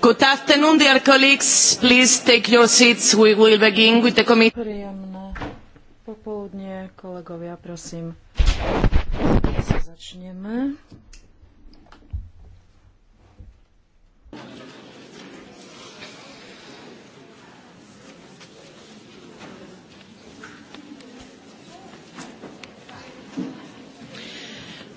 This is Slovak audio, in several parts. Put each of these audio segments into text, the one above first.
Good afternoon, dear colleagues. Please take your seats. We will begin with the committee. Príjemné popoludne, kolegovia, prosím. Začneme.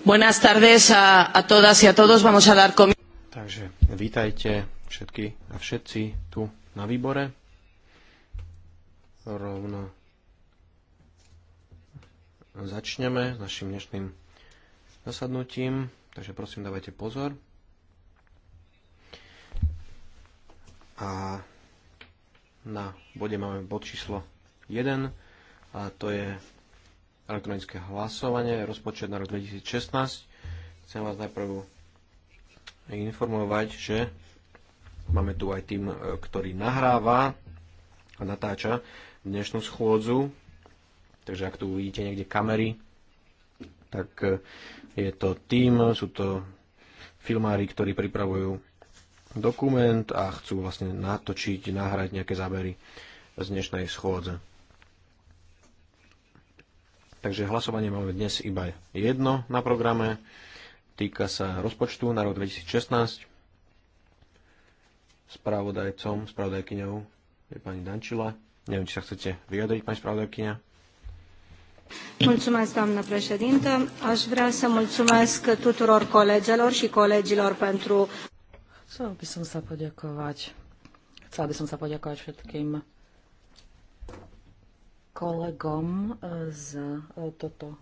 Buenas tardes a, a todas y a todos. Vamos a dar comienzo. Takže vítajte všetky a všetci tu na výbore. Rovno začneme s našim dnešným zasadnutím, takže prosím dávajte pozor. A na bode máme bod číslo 1 a to je elektronické hlasovanie, rozpočet na rok 2016. Chcem vás najprv informovať, že Máme tu aj tým, e, ktorý nahráva a natáča dnešnú schôdzu. Takže ak tu uvidíte niekde kamery, tak e, je to tým, sú to filmári, ktorí pripravujú dokument a chcú vlastne natočiť, nahrať nejaké zábery z dnešnej schôdze. Takže hlasovanie máme dnes iba jedno na programe. Týka sa rozpočtu na rok 2016 spravodajcom, spravodajkyňou je pani Dančila. Neviem, či sa chcete vyjadriť, pani spravodajkyňa. Mulțumesc, doamnă președintă. Aș vrea să mulțumesc tuturor colegelor și colegilor pentru... Chcela by som sa poďakovať. Chcela by som sa poďakovať všetkým kolegom eh, za eh, toto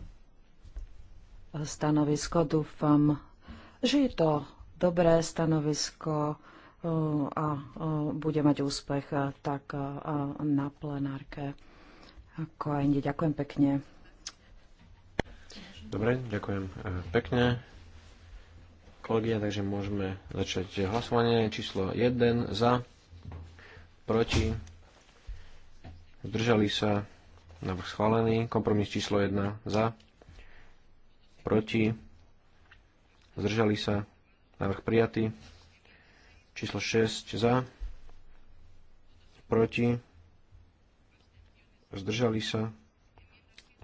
stanovisko. Dúfam, že je to dobré stanovisko, Eh, a eh, bude mať úspech eh, tak na plenárke ako aj inde. Ďakujem pekne. Dobre, ďakujem pekne. Kolegia, takže môžeme začať hlasovanie. Číslo 1 za, proti, zdržali sa, návrh schválený. Kompromis číslo 1 za, proti, zdržali sa, návrh prijatý. Číslo 6 za, proti, zdržali sa,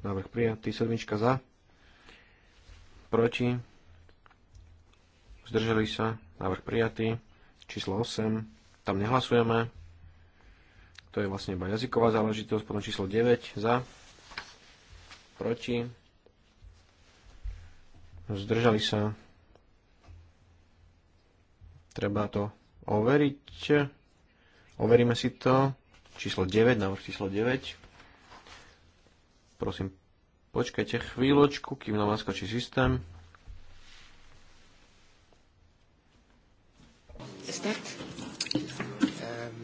návrh prijatý, sedmička za, proti, zdržali sa, návrh prijatý, číslo 8, tam nehlasujeme, to je vlastne iba jazyková záležitosť, potom číslo 9 za, proti, zdržali sa, treba to overiť. Overíme si to. Číslo 9, návrh číslo 9. Prosím, počkajte chvíľočku, kým nám naskočí systém. Start. Ehm,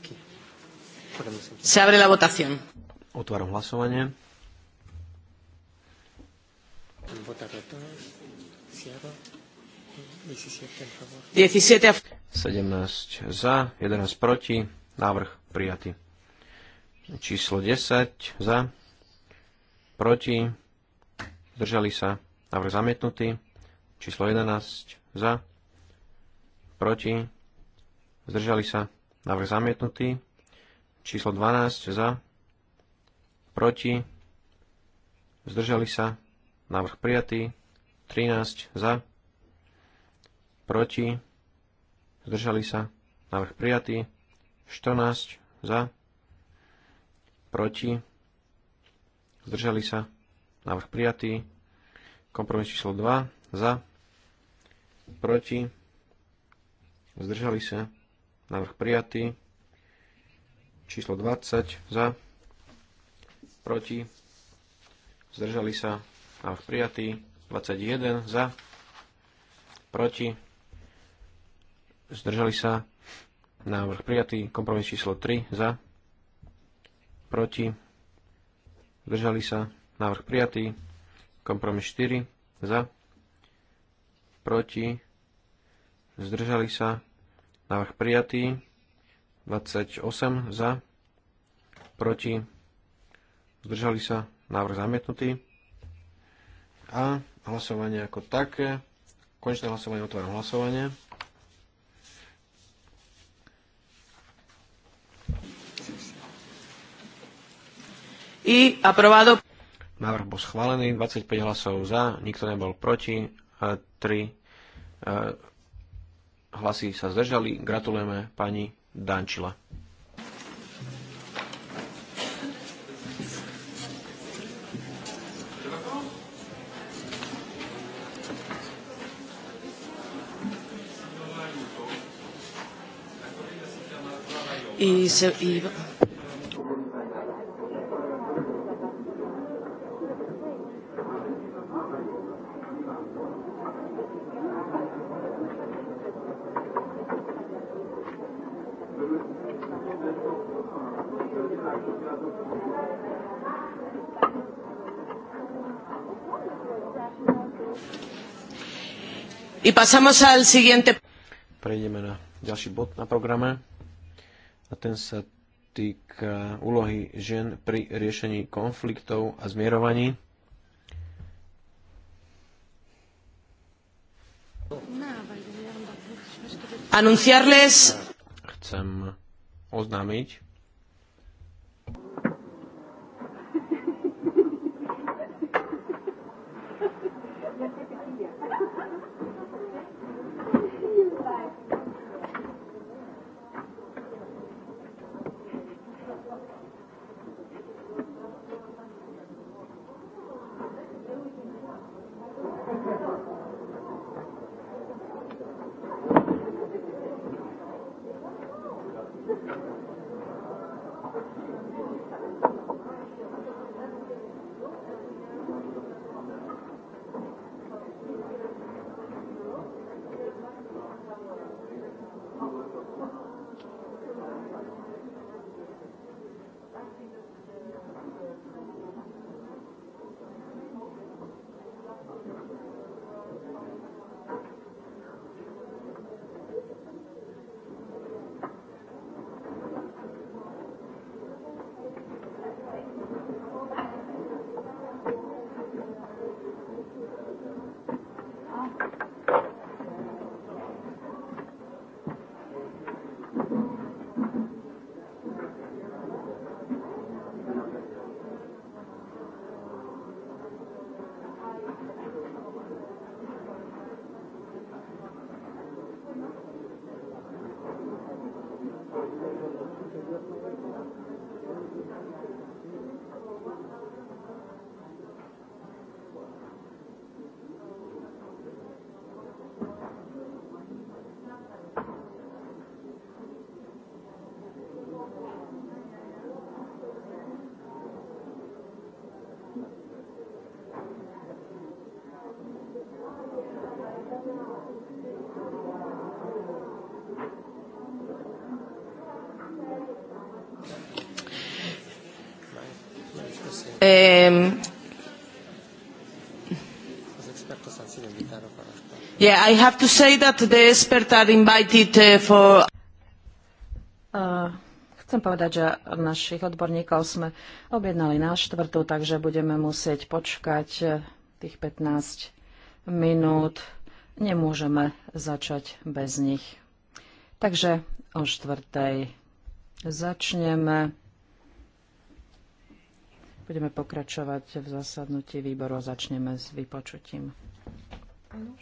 ehm, Se abre la votación. Otvaro hlasovanie. Votar todos. Cierro. 17 za, 11 proti, návrh prijatý. Číslo 10 za, proti, zdržali sa, návrh zamietnutý. Číslo 11 za, proti, zdržali sa, návrh zamietnutý. Číslo 12 za, proti, zdržali sa, návrh prijatý. 13 za, proti, zdržali sa, návrh prijatý, 14 za, proti, zdržali sa, návrh prijatý, kompromis číslo 2 za, proti, zdržali sa, návrh prijatý, číslo 20 za, proti, zdržali sa, návrh prijatý, 21 za, proti, zdržali sa, návrh prijatý, kompromis číslo 3 za, proti, zdržali sa, návrh prijatý, kompromis 4 za, proti, zdržali sa, návrh prijatý, 28 za, proti, zdržali sa, návrh zamietnutý a hlasovanie ako také. Konečné hlasovanie, otváram hlasovanie. I aprobado. Návrh bol schválený, 25 hlasov za, nikto nebol proti, 3 e, hlasy sa zdržali. Gratulujeme pani Dančila. Y, se, y Pasamos al siguiente. Prejdeme na ďalší bod na programe a ten sa týka úlohy žien pri riešení konfliktov a zmierovaní. Anunciarles... Chcem oznámiť, yeah, I have to say that the experts are invited uh, for... Uh, chcem povedať, že našich odborníkov sme objednali na štvrtú, takže budeme musieť počkať e, tých 15 minút. Nemôžeme začať bez nich. Takže o štvrtej začneme. Budeme pokračovať v zasadnutí výboru a začneme s vypočutím. Ano.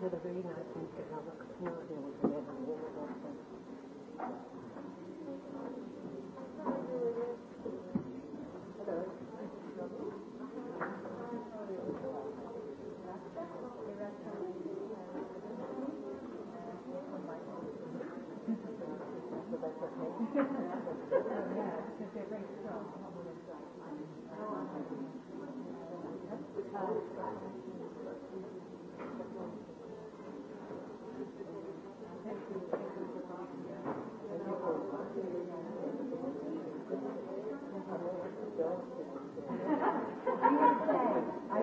had a very nice weekend. I was smiling with her and all of that stuff. Thank you. I, I, I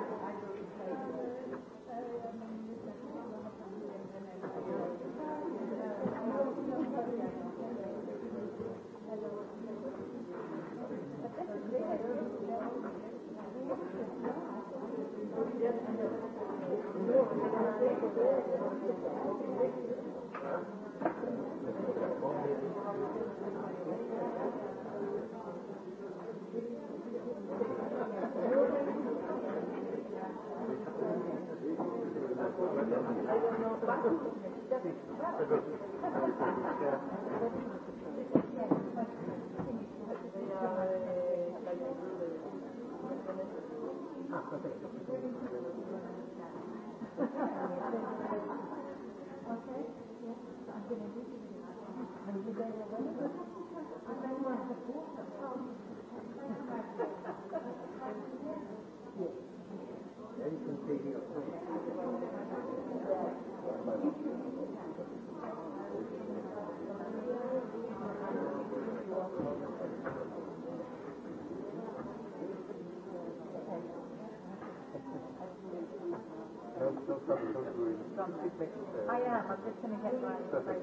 Thank you.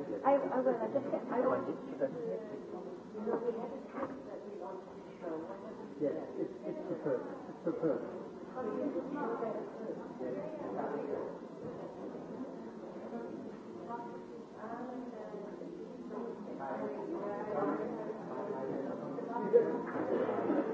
I, I will. I just I want to. You a tax that we want to Yes, it's, it's superb. It's superb. it's good? Thank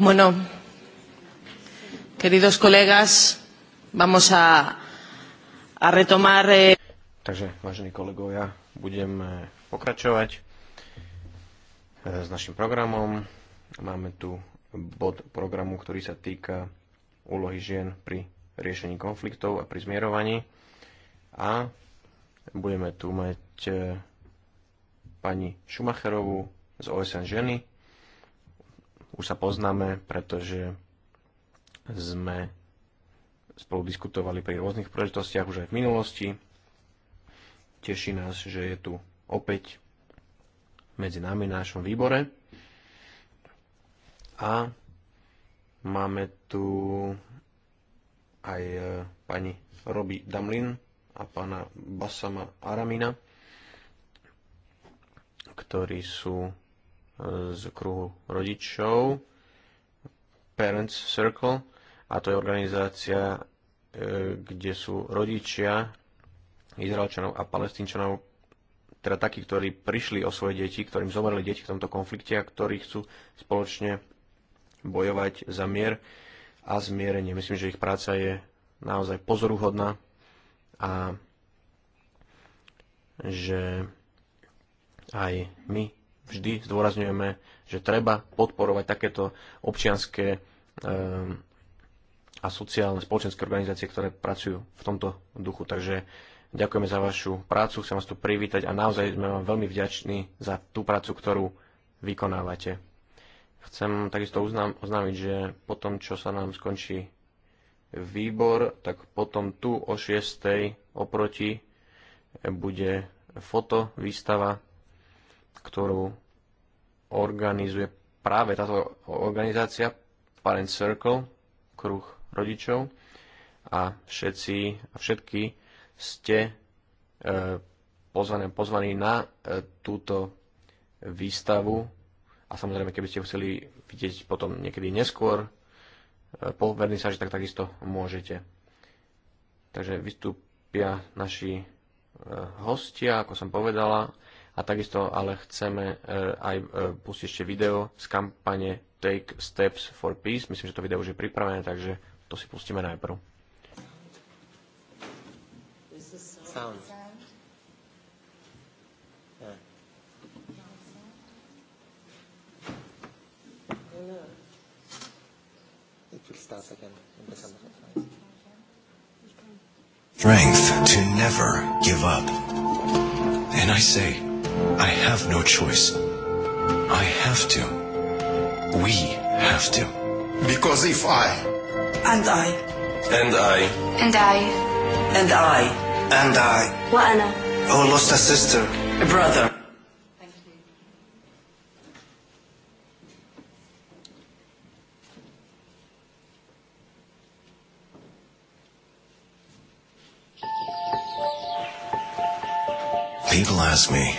Bueno, queridos colegas, vamos a, a retomar... Eh... Takže, vážení kolegovia, budem eh, pokračovať eh, s našim programom. Máme tu bod programu, ktorý sa týka úlohy žien pri riešení konfliktov a pri zmierovaní. A budeme tu mať eh, pani Šumacherovú z OSN ženy, už sa poznáme, pretože sme spolu diskutovali pri rôznych príležitostiach už aj v minulosti. Teší nás, že je tu opäť medzi nami na našom výbore. A máme tu aj e, pani Robi Damlin a pána Basama Aramina, ktorí sú z kruhu rodičov, Parents Circle, a to je organizácia, e, kde sú rodičia Izraelčanov a Palestínčanov, teda takí, ktorí prišli o svoje deti, ktorým zomreli deti v tomto konflikte a ktorí chcú spoločne bojovať za mier a zmierenie. Myslím, že ich práca je naozaj pozoruhodná a že aj my vždy zdôrazňujeme, že treba podporovať takéto občianské ehm, a sociálne spoločenské organizácie, ktoré pracujú v tomto duchu. Takže ďakujeme za vašu prácu, chcem vás tu privítať a naozaj sme vám veľmi vďační za tú prácu, ktorú vykonávate. Chcem takisto uznám, oznámiť, že po tom, čo sa nám skončí výbor, tak potom tu o 6. oproti bude foto výstava ktorú organizuje práve táto organizácia Parent Circle, kruh rodičov a všetci a všetky ste e, pozvané, pozvaní na e, túto výstavu a samozrejme, keby ste chceli vidieť potom niekedy neskôr e, po vernisáži, tak takisto môžete. Takže vystúpia naši hostia, ako som povedala, a takisto ale chceme e, aj e, pustiť ešte video z kampane Take Steps for Peace. Myslím, že to video už je pripravené, takže to si pustíme najprv. Sound. Strength to never give up. And I say, i have no choice. I have to. We have to. Because if I. And I. And I. And I. And I. And I. وأنا. Oh, lost a sister. A brother. People ask me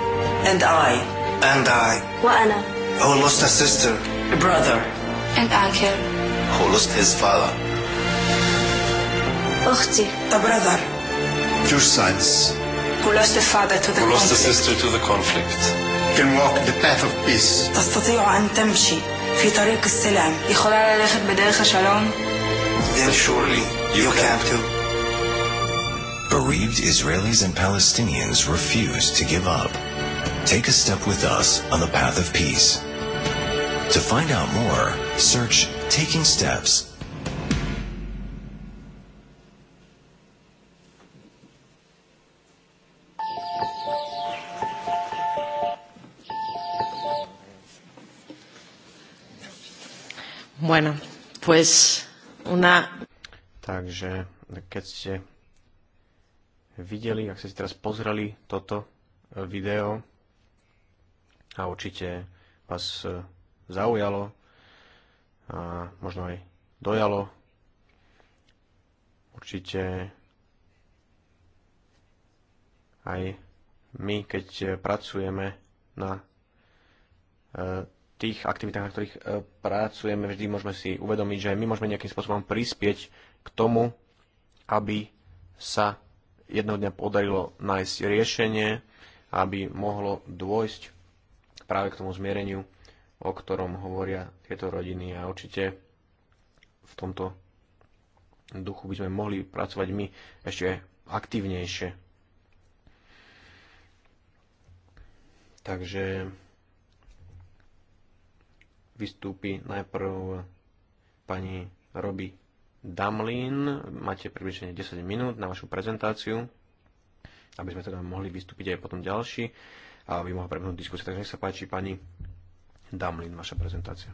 And I. And I. وأنا. Who lost a sister. A brother. And uncle. Who lost his father. أختي. A brother. Two sons. Who lost a father to the Who conflict. lost a sister to the conflict. Can walk the path of peace. تستطيع أن تمشي في طريق السلام. يخلع ללכת בדרך شلون. Then surely you, you can too. Bereaved Israelis and Palestinians refuse to give up. Take a step with us on the path of peace. To find out more, search Taking Steps Bueno, pues una... Takže keď ste videli, ak ste si teraz pozreli toto eh, video, a určite vás e, zaujalo a možno aj dojalo. Určite aj my, keď e, pracujeme na e, tých aktivitách, na ktorých pracujeme, vždy môžeme si uvedomiť, že my môžeme nejakým spôsobom prispieť k tomu, aby sa jedného dňa podarilo nájsť riešenie, aby mohlo dôjsť práve k tomu zmiereniu, o ktorom hovoria tieto rodiny a určite v tomto duchu by sme mohli pracovať my ešte aktívnejšie. Takže vystúpi najprv pani Robi Damlin. Máte približne 10 minút na vašu prezentáciu, aby sme teda mohli vystúpiť aj potom ďalší a aby mohla prebehnúť diskusia. Takže nech sa páči, pani Damlin, vaša prezentácia.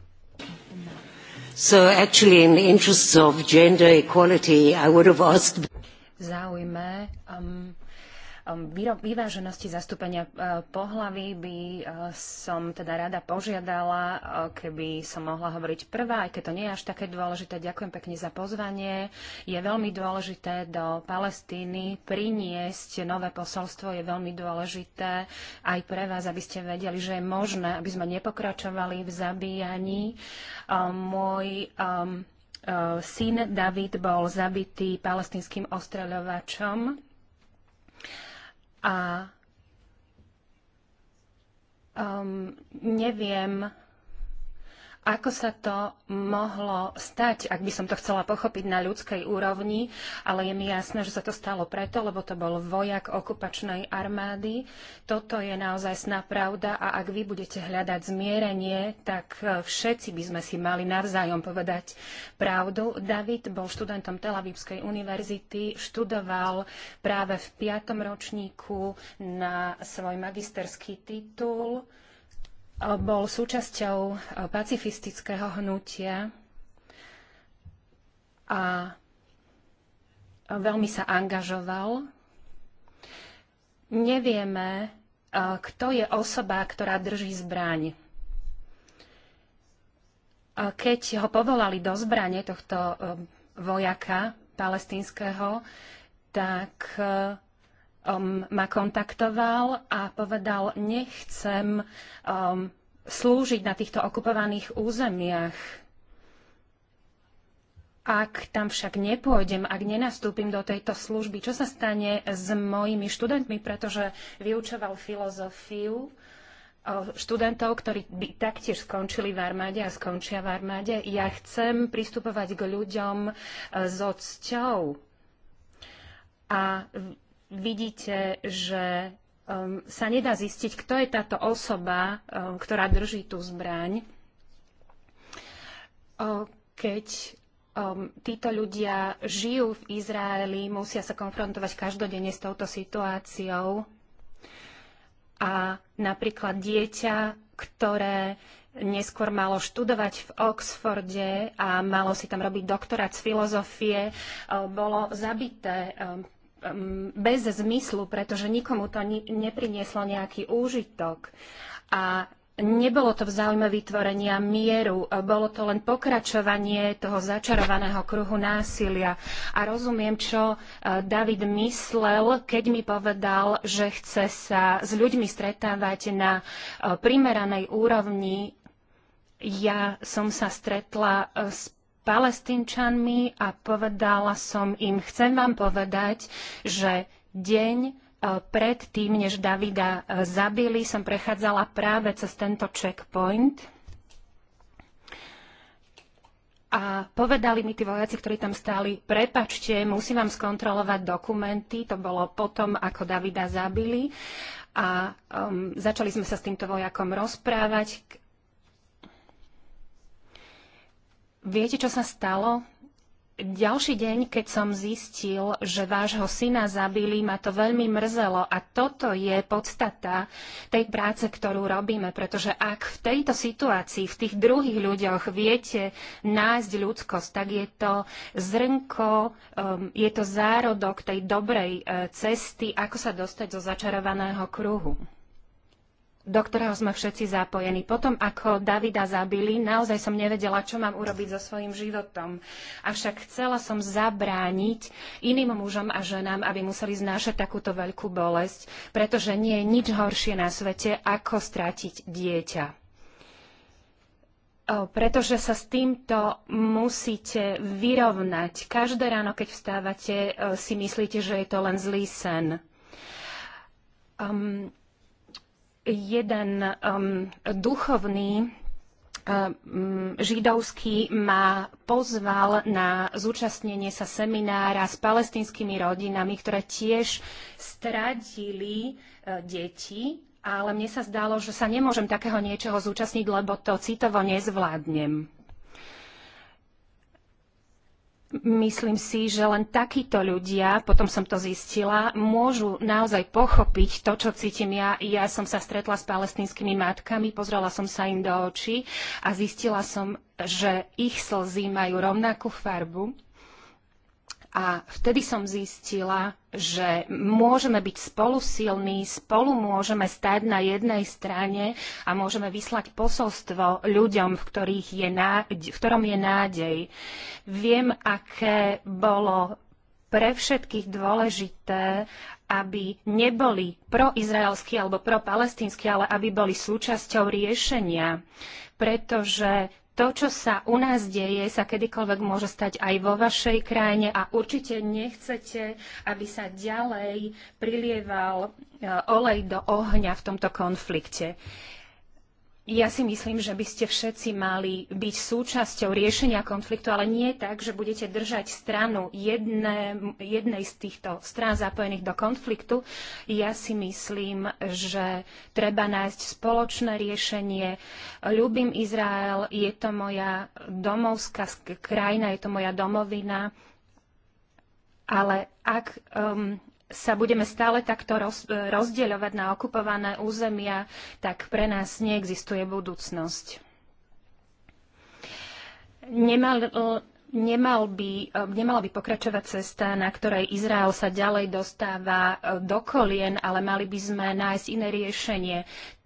So actually in the interests of gender equality, I would have asked... V záujme um, Um, vyváženosti zastúpenia uh, pohlavy by uh, som teda rada požiadala, uh, keby som mohla hovoriť prvá, aj keď to nie je až také dôležité. Ďakujem pekne za pozvanie. Je veľmi dôležité do Palestíny priniesť nové posolstvo. Je veľmi dôležité aj pre vás, aby ste vedeli, že je možné, aby sme nepokračovali v zabíjaní. Um, môj um, syn David bol zabitý palestinským ostreľovačom a um, neviem, ako sa to mohlo stať, ak by som to chcela pochopiť na ľudskej úrovni, ale je mi jasné, že sa to stalo preto, lebo to bol vojak okupačnej armády. Toto je naozaj sná pravda a ak vy budete hľadať zmierenie, tak e, všetci by sme si mali navzájom povedať pravdu. David bol študentom Tel Avivskej univerzity, študoval práve v piatom ročníku na svoj magisterský titul bol súčasťou eh, pacifistického hnutia a veľmi sa angažoval. Nevieme, eh, kto je osoba, ktorá drží zbraň. Keď ho povolali do zbrane tohto eh, vojaka palestinského, tak um, ma kontaktoval a povedal, nechcem um, slúžiť na týchto okupovaných územiach. Ak tam však nepôjdem, ak nenastúpim do tejto služby, čo sa stane s mojimi študentmi, pretože vyučoval filozofiu študentov, ktorí by taktiež skončili v armáde a skončia v armáde. Ja chcem pristupovať k ľuďom e, so cťou. A vidíte, že um, sa nedá zistiť, kto je táto osoba, um, ktorá drží tú zbraň, um, keď um, títo ľudia žijú v Izraeli, musia sa konfrontovať každodenne s touto situáciou a napríklad dieťa, ktoré neskôr malo študovať v Oxforde a malo si tam robiť doktorát z filozofie, um, bolo zabité um, Um, bez zmyslu, pretože nikomu to ni- neprinieslo nejaký úžitok. A nebolo to v záujme vytvorenia mieru, bolo to len pokračovanie toho začarovaného kruhu násilia. A rozumiem, čo uh, David myslel, keď mi povedal, že chce sa s ľuďmi stretávať na uh, primeranej úrovni. Ja som sa stretla uh, s palestínčanmi a povedala som im, chcem vám povedať, že deň e, predtým, než Davida e, zabili, som prechádzala práve cez tento checkpoint. A povedali mi tí vojaci, ktorí tam stáli, prepačte, musím vám skontrolovať dokumenty. To bolo potom, ako Davida zabili. A um, začali sme sa s týmto vojakom rozprávať Viete, čo sa stalo? Ďalší deň, keď som zistil, že vášho syna zabili, ma to veľmi mrzelo a toto je podstata tej práce, ktorú robíme, pretože ak v tejto situácii, v tých druhých ľuďoch viete nájsť ľudskosť, tak je to zrnko, um, je to zárodok tej dobrej uh, cesty, ako sa dostať zo začarovaného kruhu do ktorého sme všetci zapojení. Potom, ako Davida zabili, naozaj som nevedela, čo mám urobiť so svojím životom. Avšak chcela som zabrániť iným mužom a ženám, aby museli znášať takúto veľkú bolesť, pretože nie je nič horšie na svete, ako stratiť dieťa pretože sa s týmto musíte vyrovnať. Každé ráno, keď vstávate, si myslíte, že je to len zlý sen. Um, jeden um, duchovný um, židovský ma pozval na zúčastnenie sa seminára s palestinskými rodinami, ktoré tiež stradili uh, deti, ale mne sa zdalo, že sa nemôžem takého niečoho zúčastniť, lebo to citovo nezvládnem. Myslím si, že len takíto ľudia, potom som to zistila, môžu naozaj pochopiť to, čo cítim ja. Ja som sa stretla s palestinskými matkami, pozrela som sa im do očí a zistila som, že ich slzy majú rovnakú farbu a vtedy som zistila, že môžeme byť spolu silní, spolu môžeme stať na jednej strane a môžeme vyslať posolstvo ľuďom, v, ktorých je nádej, v ktorom je nádej. Viem, aké bolo pre všetkých dôležité, aby neboli proizraelskí alebo propalestínsky, ale aby boli súčasťou riešenia. Pretože to, čo sa u nás deje, sa kedykoľvek môže stať aj vo vašej krajine a určite nechcete, aby sa ďalej prilieval e, olej do ohňa v tomto konflikte ja si myslím, že by ste všetci mali byť súčasťou riešenia konfliktu, ale nie tak, že budete držať stranu jedné, jednej z týchto strán zapojených do konfliktu. Ja si myslím, že treba nájsť spoločné riešenie. Ľubím Izrael, je to moja domovská krajina, je to moja domovina, ale ak um, sa budeme stále takto roz, e, rozdeľovať na okupované územia, tak pre nás neexistuje budúcnosť. Nemal, nemal by, e, nemala by pokračovať cesta, na ktorej Izrael sa ďalej dostáva e, do kolien, ale mali by sme nájsť iné riešenie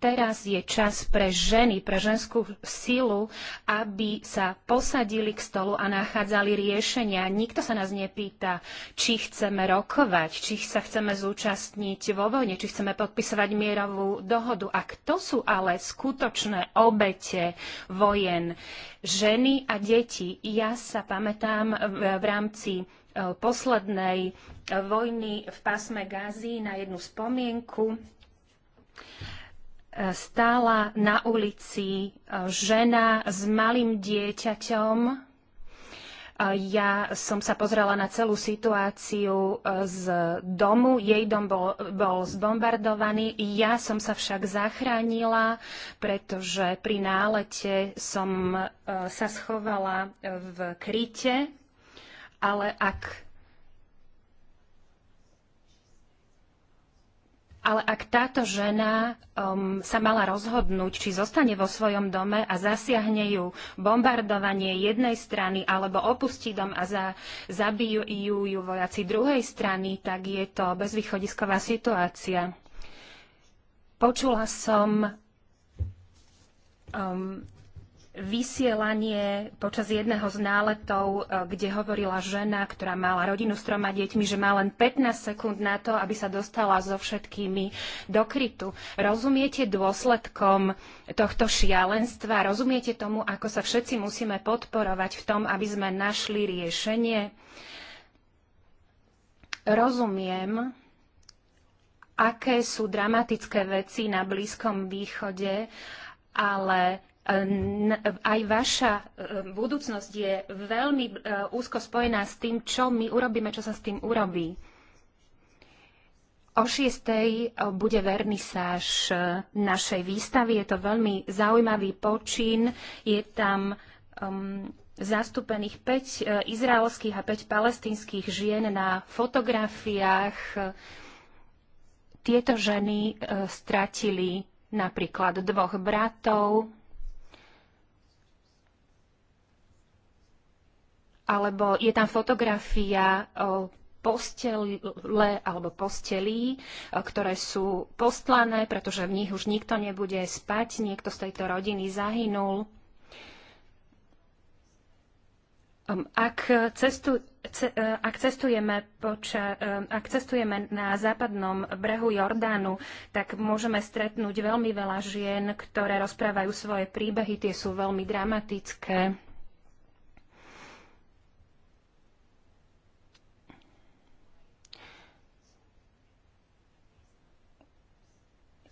teraz je čas pre ženy, pre ženskú silu, aby sa posadili k stolu a nachádzali riešenia. Nikto sa nás nepýta, či chceme rokovať, či sa chceme zúčastniť vo vojne, či chceme podpisovať mierovú dohodu. A kto sú ale skutočné obete vojen? Ženy a deti. Ja sa pamätám v rámci e, poslednej e, vojny v pásme Gazi na jednu spomienku stála na ulici e, žena s malým dieťaťom, e, ja som sa pozrela na celú situáciu e, z domu. Jej dom bol, bol zbombardovaný. Ja som sa však zachránila, pretože pri nálete som sa schovala v kryte. Ale ak Ale ak táto žena um, sa mala rozhodnúť, či zostane vo svojom dome a zasiahne ju bombardovanie jednej strany alebo opustí dom a za, zabijú ju, ju vojaci druhej strany, tak je to bezvýchodisková situácia. Počula som um, vysielanie počas jedného z náletov, e, kde hovorila žena, ktorá mala rodinu s troma deťmi, že má len 15 sekúnd na to, aby sa dostala so všetkými do krytu. Rozumiete dôsledkom tohto šialenstva? Rozumiete tomu, ako sa všetci musíme podporovať v tom, aby sme našli riešenie? Rozumiem, aké sú dramatické veci na Blízkom východe, ale E, aj vaša e, budúcnosť je veľmi e, úzko spojená s tým, čo my urobíme, čo sa s tým urobí. O šiestej bude vernisáž našej výstavy. Je to veľmi zaujímavý počin. Je tam um, zastúpených 5 izraelských a 5 palestinských žien na fotografiách. Tieto ženy stratili napríklad dvoch bratov, alebo je tam fotografia e, postele alebo postelí, e, ktoré sú postlané, pretože v nich už nikto nebude spať, niekto z tejto rodiny zahynul. Ak, cestu, ce, e, ak, cestujeme poča, ak cestujeme na západnom brehu Jordánu, tak môžeme stretnúť veľmi veľa žien, ktoré rozprávajú svoje príbehy, tie sú veľmi dramatické.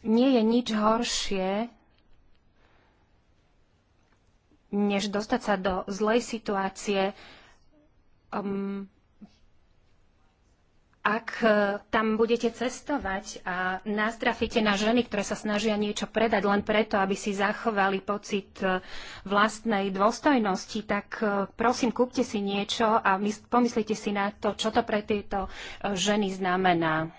nie je nič horšie, než dostať sa do zlej situácie, um, ak eh, tam budete cestovať a nastrafíte na ženy, ktoré sa snažia niečo predať len preto, aby si zachovali pocit eh, vlastnej dôstojnosti, tak eh, prosím, kúpte si niečo a pomyslite si na to, čo to pre tieto ženy znamená.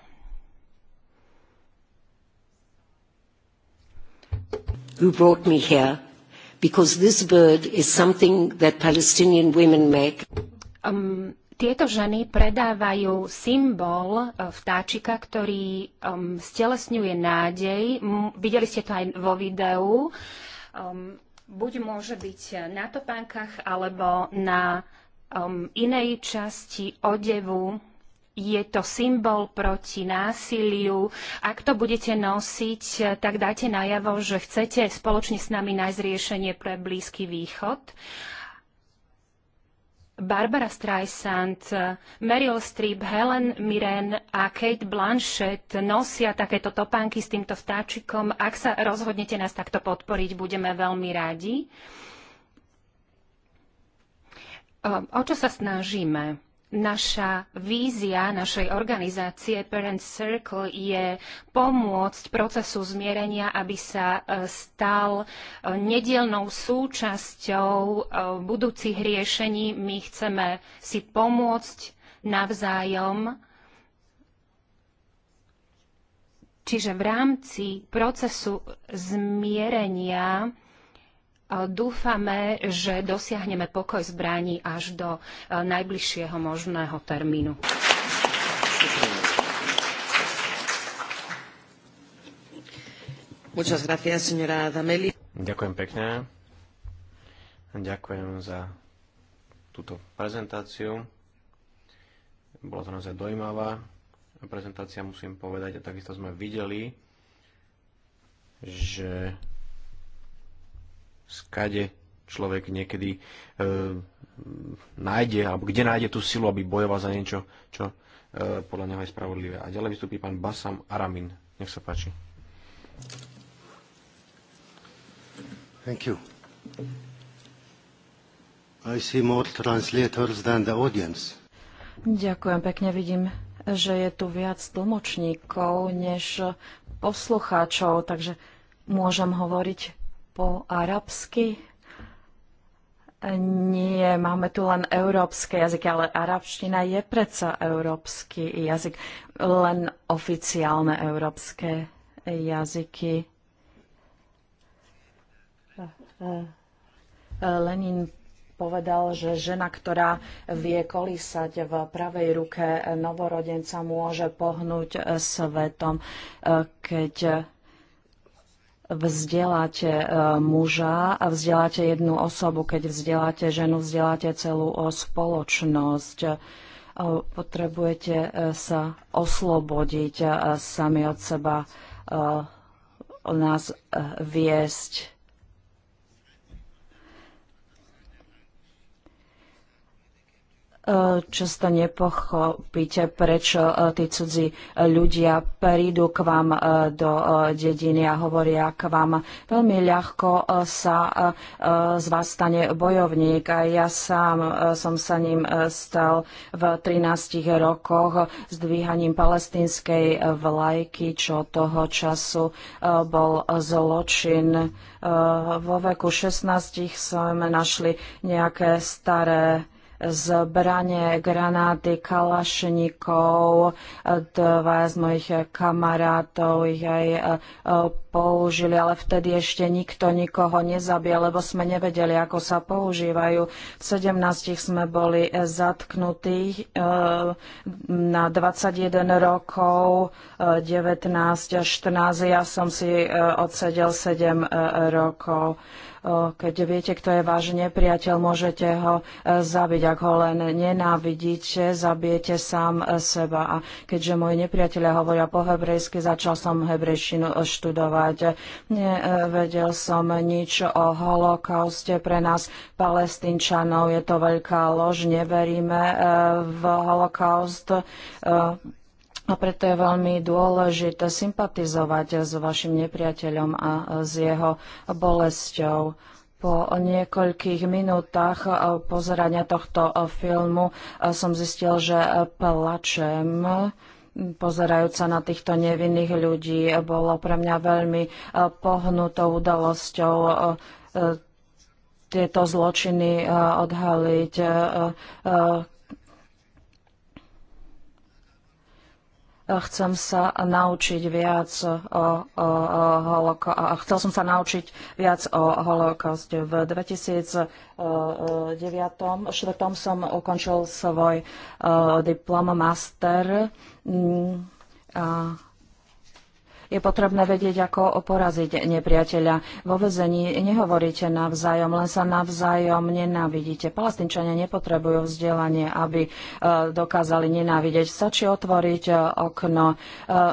who brought me here because this bird is something that Palestinian women make. Um, tieto ženy predávajú symbol uh, vtáčika, ktorý um, stelesňuje nádej. M- videli ste to aj vo videu. Um, buď môže byť na topánkach alebo na um, inej časti odevu je to symbol proti násiliu. Ak to budete nosiť, tak dáte najavo, že chcete spoločne s nami nájsť riešenie pre Blízky východ. Barbara Streisand, Meryl Streep, Helen Mirren a Kate Blanchett nosia takéto topánky s týmto vtáčikom. Ak sa rozhodnete nás takto podporiť, budeme veľmi radi. O čo sa snažíme? naša vízia našej organizácie Parent Circle je pomôcť procesu zmierenia, aby sa e, stal e, nedielnou súčasťou e, budúcich riešení. My chceme si pomôcť navzájom. Čiže v rámci procesu zmierenia Eh, dúfame, že dosiahneme pokoj zbraní až do eh, najbližšieho možného termínu. Ďakujem pekne. Ďakujem za túto prezentáciu. Bola to naozaj dojímavá prezentácia, musím povedať, a takisto sme videli, že skade človek niekedy e, nájde, alebo kde nájde tú silu, aby bojoval za niečo, čo e, podľa neho je spravodlivé. A ďalej vystúpi pán Basam Aramin. Nech sa páči. Thank you. I see more translators than the audience. Ďakujem pekne. Vidím, že je tu viac tlmočníkov než poslucháčov, takže môžem hovoriť po arabsky? Nie, máme tu len európske jazyky, ale arabština je predsa európsky jazyk. Len oficiálne európske jazyky. Lenin povedal, že žena, ktorá vie kolísať v pravej ruke novorodenca, môže pohnúť svetom, keď vzdeláte e, muža a vzdeláte jednu osobu, keď vzdeláte ženu, vzdeláte celú e, spoločnosť e, potrebujete sa oslobodiť sami od seba, nás viesť. E, často nepochopíte, prečo e, tí cudzí ľudia prídu k vám e, do dediny a hovoria k vám. Veľmi ľahko sa z vás stane bojovník. A ja sám som sa ním stal v 13 rokoch s dvíhaním palestinskej vlajky, čo toho času bol zločin. Vo veku 16 sme našli nejaké staré zbranie, granáty, kalašnikov. Dva z mojich kamarátov ich aj e, použili, ale vtedy ešte nikto nikoho nezabil, lebo sme nevedeli, ako sa používajú. V 17 sme boli zatknutí e, na 21 rokov, 19 e, a 14. Ja som si odsedel 7 rokov. Keď viete, kto je váš nepriateľ, môžete ho e, zabiť. Ak ho len nenávidíte, zabijete sám e, seba. A keďže moji nepriatelia hovoria po hebrejsky, začal som hebrejšinu e, študovať. Nevedel som nič o holokauste pre nás, palestínčanov. Je to veľká lož, neveríme v holokaust a no preto je veľmi dôležité sympatizovať s vašim nepriateľom a s jeho bolesťou. Po niekoľkých minútach eh, pozerania tohto eh, filmu eh, som zistil, že plačem pozerajúca na týchto nevinných ľudí. Bolo pre mňa veľmi pohnutou udalosťou tieto zločiny odhaliť, Chcem sa naučiť viac o, o, o chcel som sa naučiť viac o holokauste. V 2009. štvrtom som ukončil svoj eh, diplom master. Mm, a je potrebné vedieť, ako poraziť nepriateľa. Vo vezení nehovoríte navzájom, len sa navzájom nenávidíte. Palestinčania nepotrebujú vzdelanie, aby e, dokázali nenávidieť. Stačí otvoriť e, okno. E,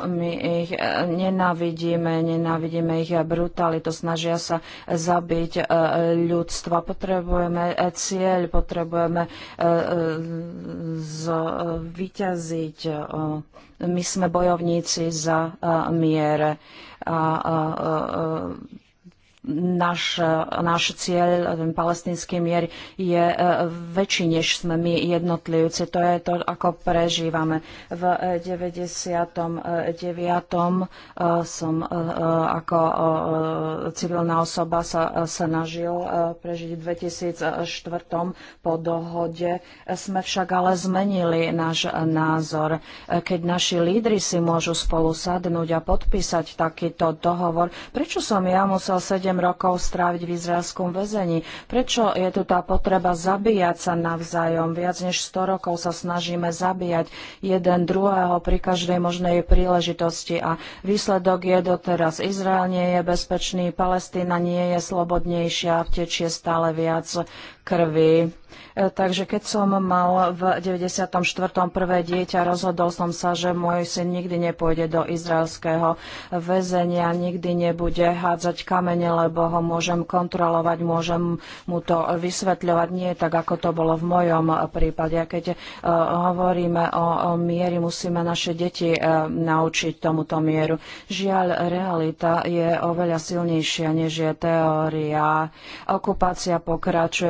my ich nenávidíme, nenávidíme ich brutalitu, snažia sa zabiť ľudstva. Potrebujeme cieľ, potrebujeme vyťaziť. My sme bojovníci za eh, mier. A, a, a, náš, náš cieľ, ten palestinský mier, je e, väčší, než sme my jednotlivci. To je to, ako prežívame. V 99. E, som e, ako civilná osoba sa snažil prežiť v 2004. po dohode. Sme však ale zmenili náš názor. Keď naši lídry si môžu spolu sadnúť a podpísať takýto dohovor, prečo som ja musel 7 rokov stráviť v izraelskom väzení. Prečo je tu tá potreba zabíjať sa navzájom? Viac než 100 rokov sa snažíme zabíjať jeden druhého pri každej možnej príležitosti a výsledok je doteraz. Izrael nie je bezpečný, Palestína nie je slobodnejšia, vtečie stále viac krvi. E, takže keď som mal v 94. prvé dieťa, rozhodol som sa, že môj syn nikdy nepôjde do izraelského väzenia, nikdy nebude hádzať kamene, lebo ho môžem kontrolovať, môžem mu to vysvetľovať. Nie tak, ako to bolo v mojom prípade. A keď e, hovoríme o miery, musíme naše deti e, naučiť tomuto mieru. Žiaľ, realita je oveľa silnejšia, než je teória. Okupácia pokračuje,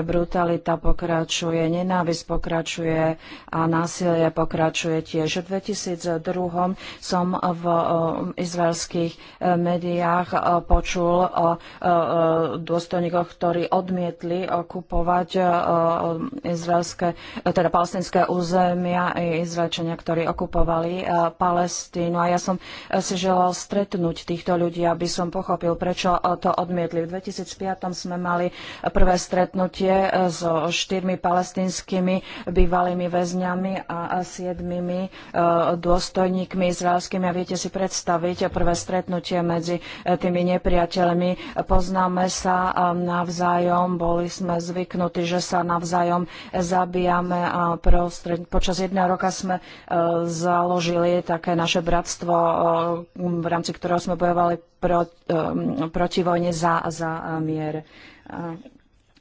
brutálne brutalita pokračuje, nenávisť pokračuje a násilie pokračuje tiež. V 2002 som v izraelských e, médiách e, počul o e, dôstojníkoch, ktorí odmietli okupovať izraelské, teda palestinské územia, Izraelčania, ktorí okupovali Palestínu. A ja som si želal stretnúť týchto ľudí, aby som pochopil, prečo to odmietli. V 2005 sme mali prvé stretnutie so štyrmi palestinskými bývalými väzňami a siedmimi e, dôstojníkmi izraelskými. A viete si predstaviť prvé stretnutie medzi e, tými nepriateľmi. Poznáme sa e, navzájom, boli sme zvyknutí, že sa navzájom zabíjame a prostred... počas jedného roka sme založili také naše bratstvo, v rámci ktorého sme bojovali proti vojne za, za mier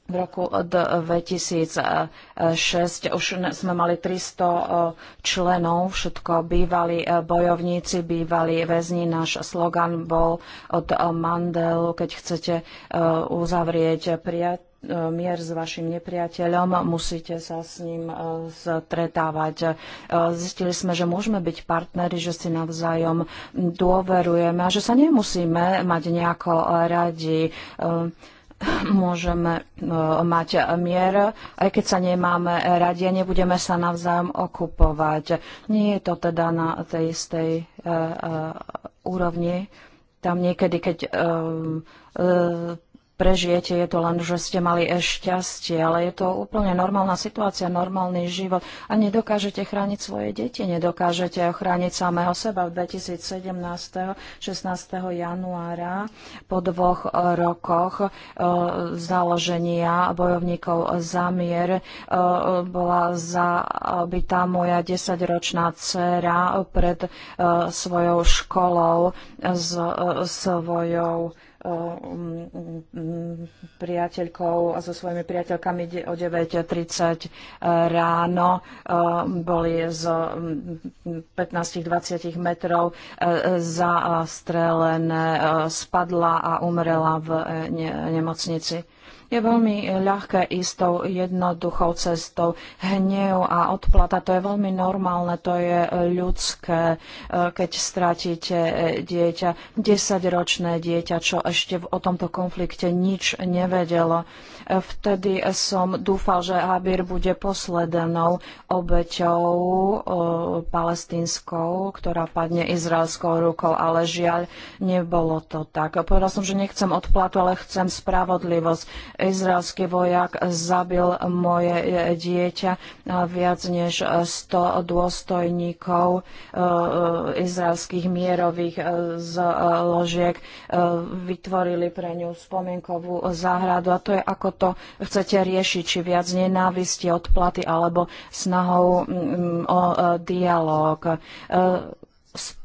v roku 2006 už sme mali 300 členov, všetko bývali e, bojovníci, bývali väzni. Náš slogan bol od e, Mandelu, keď chcete e, uzavrieť priat mier s vašim nepriateľom, musíte sa s ním stretávať. Zistili sme, že môžeme byť partneri, že si navzájom dôverujeme a že sa nemusíme mať nejako radi môžeme no, mať mier, aj keď sa nemáme radi a nebudeme sa navzájom okupovať. Nie je to teda na tej istej e, e, úrovni. Tam niekedy, keď e, prežijete, je to len, že ste mali šťastie, ale je to úplne normálna situácia, normálny život a nedokážete chrániť svoje deti, nedokážete chrániť samého seba. V 2017. 16. januára po dvoch rokoch e, založenia bojovníkov za mier e, bola zabitá moja 10-ročná dcera pred e, svojou školou s svojou priateľkou a so svojimi priateľkami o 9.30 ráno. Eh, boli z 15-20 mm, metrov eh, zastrelené, eh, spadla a umrela v nemocnici je veľmi e, ľahké ísť tou jednoduchou cestou. Hnev a odplata, to je veľmi normálne, to je e, ľudské, e, keď stratíte dieťa, desaťročné dieťa, čo ešte o tomto konflikte nič nevedelo. Vtedy som dúfal, že Habir bude poslednou obeťou palestínskou, ktorá padne izraelskou rukou, ale žiaľ, nebolo to tak. Povedal som, že nechcem odplatu, ale chcem spravodlivosť izraelský vojak zabil moje dieťa. Viac než 100 dôstojníkov e, e, izraelských mierových e, zložiek vytvorili pre ňu spomienkovú záhradu. A to je ako to chcete riešiť, či viac nenávisti, odplaty alebo snahou mm, o dialog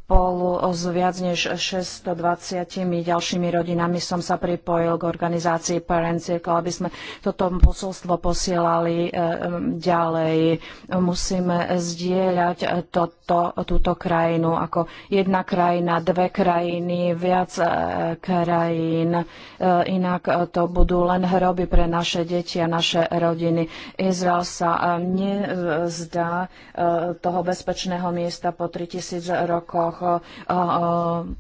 spolu s viac než 620 ďalšími rodinami som sa pripojil k organizácii Parent Circle, aby sme toto posolstvo posielali e, ďalej. Musíme zdieľať toto, túto krajinu ako jedna krajina, dve krajiny, viac e, krajín. E, inak to budú len hroby pre naše deti a naše rodiny. Izrael sa nezdá toho bezpečného miesta po 3000 rokoch rokoch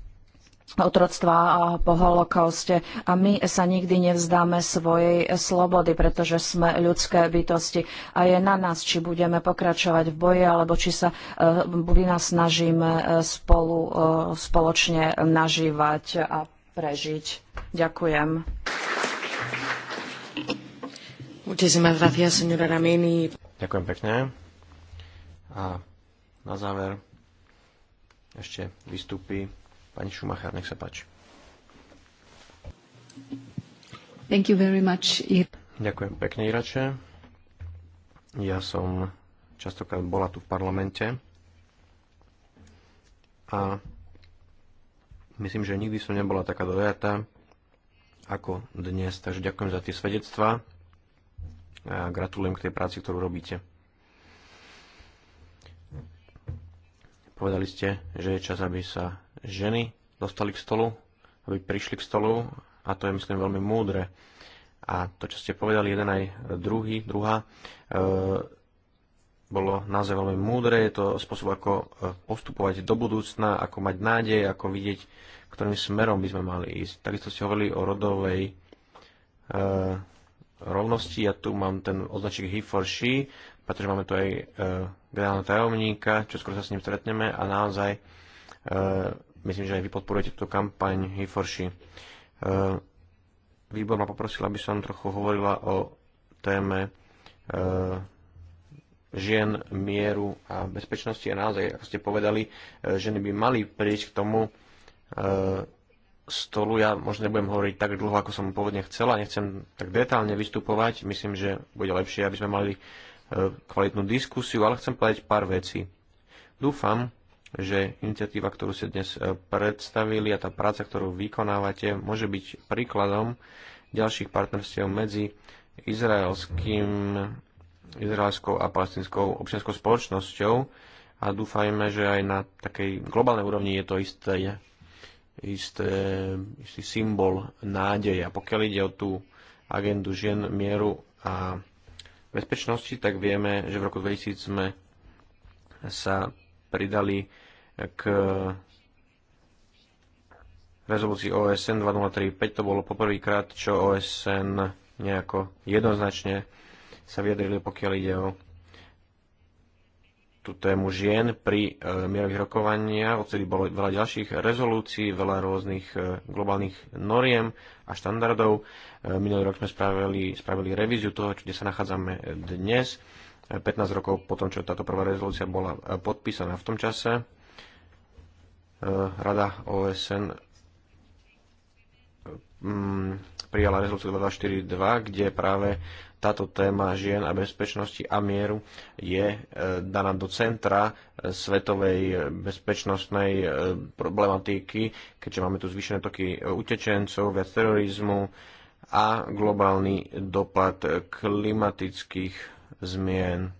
otroctva po holokauste. A my sa nikdy nevzdáme svojej slobody, pretože sme ľudské bytosti. A je na nás, či budeme pokračovať v boji, alebo či sa e, snažíme e, spolu e, spoločne nažívať a prežiť. Ďakujem. Ďakujem pekne. A na záver ešte vystúpi pani Šumachár, nech sa páči. Thank you very much. Ďakujem pekne, Irače. Ja som častokrát bola tu v parlamente a myslím, že nikdy som nebola taká dojata, ako dnes. Takže ďakujem za tie svedectvá a gratulujem k tej práci, ktorú robíte. Povedali ste, že je čas, aby sa ženy dostali k stolu, aby prišli k stolu a to je, myslím, veľmi múdre. A to, čo ste povedali, jeden aj druhý, druhá, e, bolo naozaj veľmi múdre. Je to spôsob, ako e, postupovať do budúcna, ako mať nádej, ako vidieť, ktorým smerom by sme mali ísť. Takisto ste hovorili o rodovej e, rovnosti. Ja tu mám ten označík he for she pretože máme tu aj uh, generálneho tajomníka, čo skoro sa s ním stretneme a naozaj uh, myslím, že aj vy podporujete túto kampaň HeForShe. Uh, e, výbor ma poprosil, aby som trochu hovorila o téme uh, žien, mieru a bezpečnosti a naozaj, ako ste povedali, uh, ženy by mali prísť k tomu, uh, stolu. Ja možno nebudem hovoriť tak dlho, ako som pôvodne chcela, nechcem tak detálne vystupovať. Myslím, že bude lepšie, aby sme mali E, kvalitnú diskusiu, ale chcem povedať pár vecí. Dúfam, že iniciatíva, ktorú ste dnes e, predstavili a tá práca, ktorú vykonávate, môže byť príkladom ďalších partnerstiev medzi izraelským, izraelskou a palestinskou občianskou spoločnosťou a dúfajme, že aj na takej globálnej úrovni je to isté, isté, istý symbol nádeje. A pokiaľ ide o tú agendu žien, mieru a bezpečnosti, tak vieme, že v roku 2000 sme sa pridali k rezolúcii OSN 2035. To bolo poprvýkrát, čo OSN nejako jednoznačne sa vyjadrili, pokiaľ ide o tú tému žien pri e, mierových rokovania. Odtedy bolo veľa ďalších rezolúcií, veľa rôznych e, globálnych noriem a štandardov. E, minulý rok sme spravili, spravili revíziu toho, kde sa nachádzame e, dnes, 15 e, rokov po tom, čo táto prvá rezolúcia bola e, podpísaná v tom čase. Rada OSN prijala rezolúciu 242, kde práve táto téma žien a bezpečnosti a mieru je e, daná do centra e, svetovej e, bezpečnostnej problematiky, keďže máme tu zvýšené toky utečencov, viac terorizmu a globálny dopad klimatických zmien.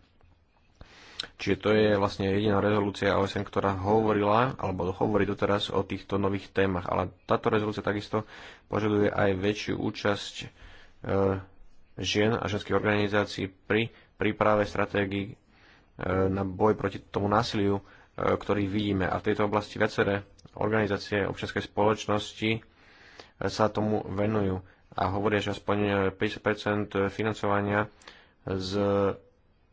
Čiže to je vlastne jediná rezolúcia OSN, ktorá hovorila, alebo hovorí doteraz o týchto nových témach. Ale táto rezolúcia takisto požaduje aj väčšiu účasť žien a ženských organizácií pri príprave stratégií e, na boj proti tomu násiliu, e, ktorý vidíme. A v tejto oblasti viaceré organizácie občianskej spoločnosti e, sa tomu venujú a hovoria, že aspoň 50 financovania z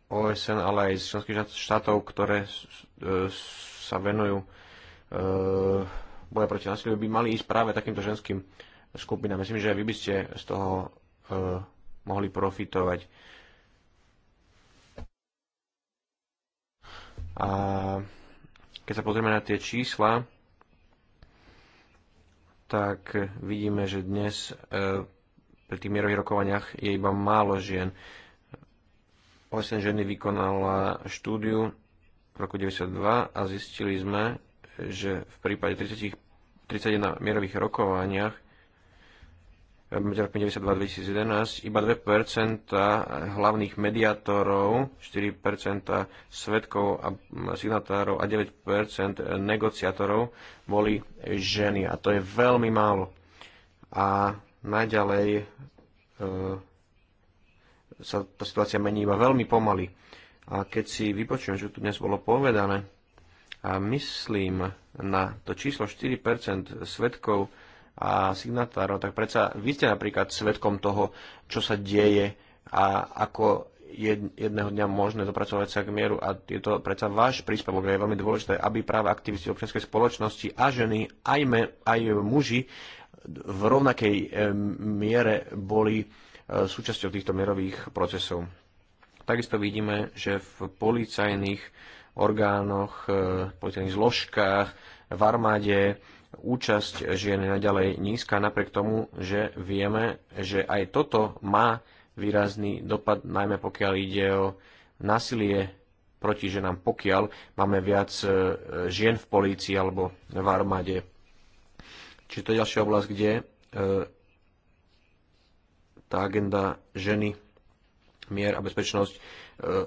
OSN, ale aj z členských štátov, ktoré sa venujú boja proti násiliu, by mali ísť práve takýmto ženským skupinám. Myslím, že vy by ste z toho mohli profitovať. A keď sa pozrieme na tie čísla, tak vidíme, že dnes e, pri tých mierových rokovaniach je iba málo žien. 8 ženy vykonala štúdiu v roku 1992 a zistili sme, že v prípade 30, 31 mierových rokovaniach medzi rokmi 92-2011 iba 2% hlavných mediátorov, 4% svetkov a signatárov a 9% negociátorov boli ženy. A to je veľmi málo. A naďalej e, sa tá situácia mení iba veľmi pomaly. A keď si vypočujem, že tu dnes bolo povedané, a myslím na to číslo 4% svetkov, a signatárov, tak predsa vy ste napríklad svetkom toho, čo sa deje a ako jedného dňa možné dopracovať sa k mieru a je to predsa váš príspevok a je veľmi dôležité, aby práve aktivisti občianskej spoločnosti a ženy, aj, me, aj muži v rovnakej eh, miere boli eh, súčasťou týchto mierových procesov. Takisto vidíme, že v policajných orgánoch, eh, policajných zložkách, v armáde, účasť žien je naďalej nízka, napriek tomu, že vieme, že aj toto má výrazný dopad, najmä pokiaľ ide o násilie proti ženám, pokiaľ máme viac e, žien v polícii alebo v armáde. Čiže to je ďalšia oblasť, kde e, tá agenda ženy, mier a bezpečnosť e,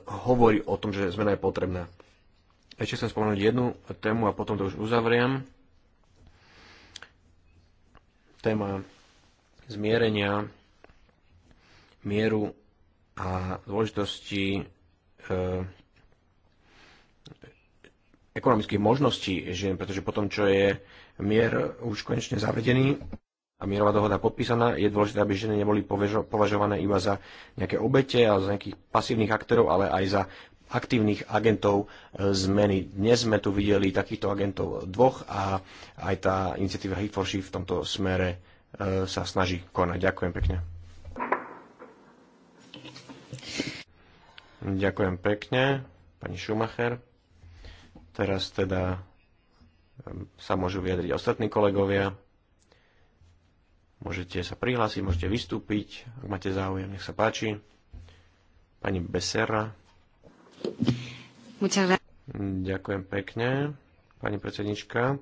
hovorí o tom, že zmena je potrebná. Ešte chcem spomenúť jednu tému a potom to už uzavriem téma zmierenia mieru a dôležitosti e, ekonomických možností žien, pretože potom, čo je mier už konečne zavedený a mierová dohoda podpísaná, je dôležité, aby ženy neboli považované iba za nejaké obete a za nejakých pasívnych aktérov, ale aj za aktívnych agentov e, zmeny. Dnes sme tu videli takýchto agentov dvoch a aj tá iniciatíva Hit v tomto smere e, sa snaží konať. Ďakujem pekne. Ďakujem pekne, pani Schumacher. Teraz teda e, sa môžu vyjadriť ostatní kolegovia. Môžete sa prihlásiť, môžete vystúpiť, ak máte záujem, nech sa páči. Pani Besera. Ďakujem pekne, pani predsednička.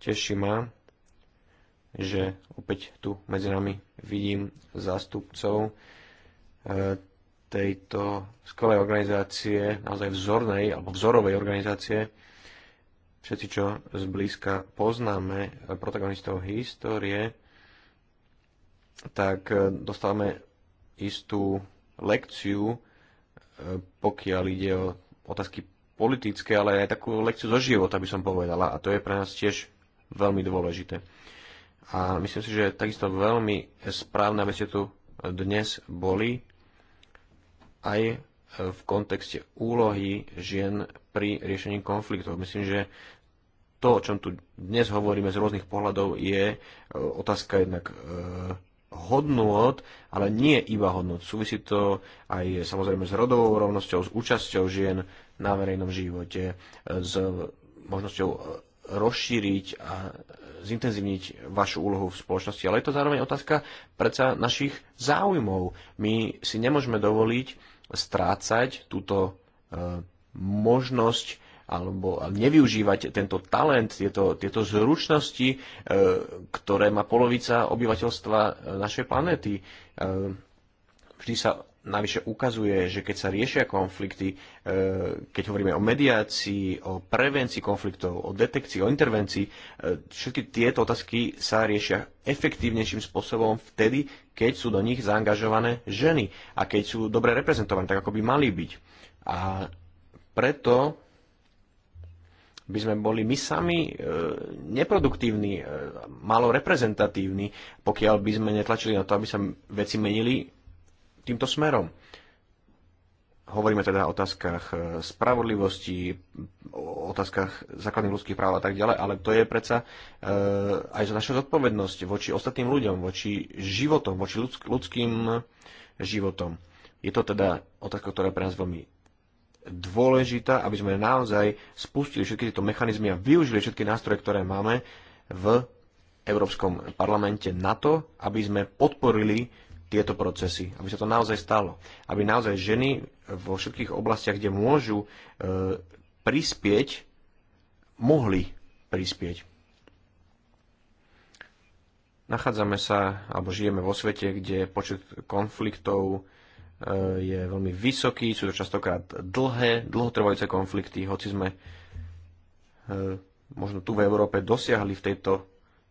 Teší ma, že opäť tu medzi nami vidím zástupcov eh, tejto skvelej organizácie, naozaj vzornej alebo vzorovej organizácie. Všetci, čo zblízka poznáme eh, protagonistov histórie, tak eh, dostávame istú lekciu pokiaľ ide o otázky politické, ale aj takú lekciu zo života by som povedala a to je pre nás tiež veľmi dôležité. A myslím si, že takisto veľmi správne, aby ste tu dnes boli aj v kontexte úlohy žien pri riešení konfliktov. Myslím, že to, o čom tu dnes hovoríme z rôznych pohľadov, je otázka jednak e, hodnot, ale nie iba hodnot. Súvisí to aj samozrejme s rodovou rovnosťou, s účasťou žien na verejnom živote, s možnosťou e, rozšíriť a zintenzívniť vašu úlohu v spoločnosti. Ale je to zároveň otázka predsa našich záujmov. My si nemôžeme dovoliť strácať túto e, možnosť alebo nevyužívať tento talent, tieto, tieto zručnosti, e, ktoré má polovica obyvateľstva e, našej planéty. E, vždy sa navyše ukazuje, že keď sa riešia konflikty, keď hovoríme o mediácii, o prevencii konfliktov, o detekcii, o intervencii, všetky tieto otázky sa riešia efektívnejším spôsobom vtedy, keď sú do nich zaangažované ženy a keď sú dobre reprezentované, tak ako by mali byť. A preto by sme boli my sami e, neproduktívni, e, málo reprezentatívni, pokiaľ by sme netlačili na to, aby sa veci menili týmto smerom. Hovoríme teda o otázkach e, spravodlivosti, o otázkach základných ľudských práv a tak ďalej, ale to je predsa e, aj naša zodpovednosť voči ostatným ľuďom, voči životom, voči ľudským životom. Je to teda otázka, ktorá je pre nás veľmi dôležitá, aby sme naozaj spustili všetky tieto mechanizmy a využili všetky nástroje, ktoré máme v Európskom parlamente na to, aby sme podporili tieto procesy, aby sa to naozaj stalo. Aby naozaj ženy vo všetkých oblastiach, kde môžu e, prispieť, mohli prispieť. Nachádzame sa, alebo žijeme vo svete, kde počet konfliktov Eh, je veľmi vysoký, sú to častokrát dlhé, dlhotrvajúce konflikty, hoci sme eh, možno tu v Európe dosiahli v tejto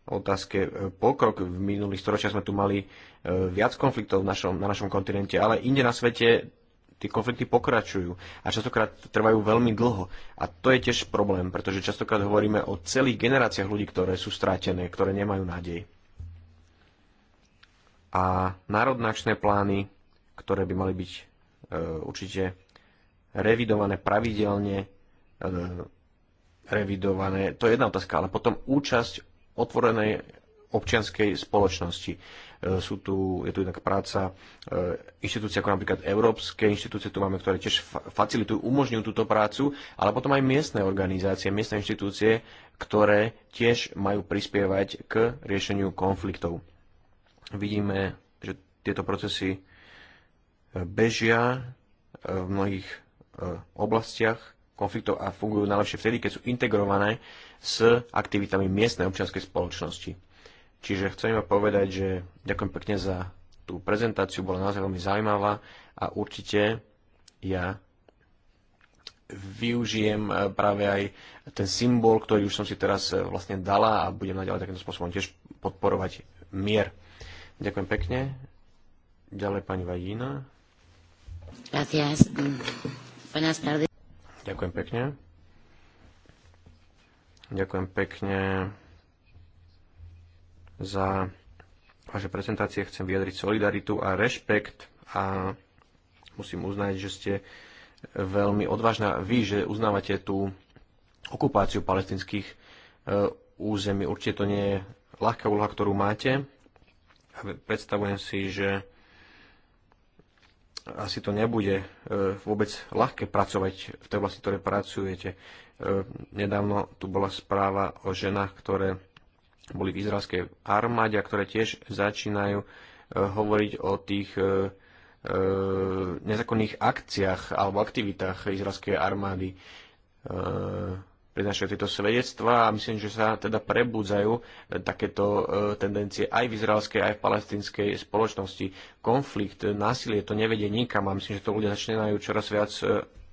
otázke eh, pokrok. V minulých storočiach sme tu mali viac konfliktov našom, na našom kontinente, ale inde na svete tie konflikty pokračujú a častokrát trvajú veľmi dlho. A to je tiež problém, pretože častokrát hovoríme o celých generáciách ľudí, ktoré sú strátené, ktoré nemajú nádej. A národnáčné plány ktoré by mali byť e, určite revidované pravidelne, e, revidované. To je jedna otázka, ale potom účasť otvorenej občianskej spoločnosti. E, sú tu, je tu jednak práca inštitúcie, ako napríklad európske inštitúcie, tu máme, ktoré tiež facilitujú, umožňujú túto prácu, ale potom aj miestne organizácie, miestne inštitúcie, ktoré tiež majú prispievať k riešeniu konfliktov. Vidíme, že tieto procesy bežia e, v mnohých e, oblastiach konfliktov a fungujú najlepšie vtedy, keď sú integrované s aktivitami miestnej občianskej spoločnosti. Čiže chcem iba povedať, že ďakujem pekne za tú prezentáciu, bola naozaj veľmi zaujímavá a určite ja využijem e, práve aj ten symbol, ktorý už som si teraz vlastne dala a budem naďalej takýmto spôsobom tiež podporovať mier. Ďakujem pekne. Ďalej pani Vajína. Ďakujem pekne. Ďakujem pekne za vaše prezentácie. Chcem vyjadriť solidaritu a rešpekt a musím uznať, že ste veľmi odvážna vy, že uznávate tú okupáciu palestinských e, území. Určite to nie je ľahká úloha, ktorú máte. Predstavujem si, že asi to nebude e, vôbec ľahké pracovať v tej oblasti, ktoré pracujete. E, nedávno tu bola správa o ženách, ktoré boli v izraelskej armáde a ktoré tiež začínajú e, hovoriť o tých nezákonných akciách alebo aktivitách izraelskej armády prinášajú tieto svedectvá a myslím, že sa teda prebudzajú eh, takéto eh, tendencie aj v izraelskej, aj v palestinskej spoločnosti. Konflikt, eh, násilie to nevedie nikam a myslím, že to ľudia začínajú čoraz viac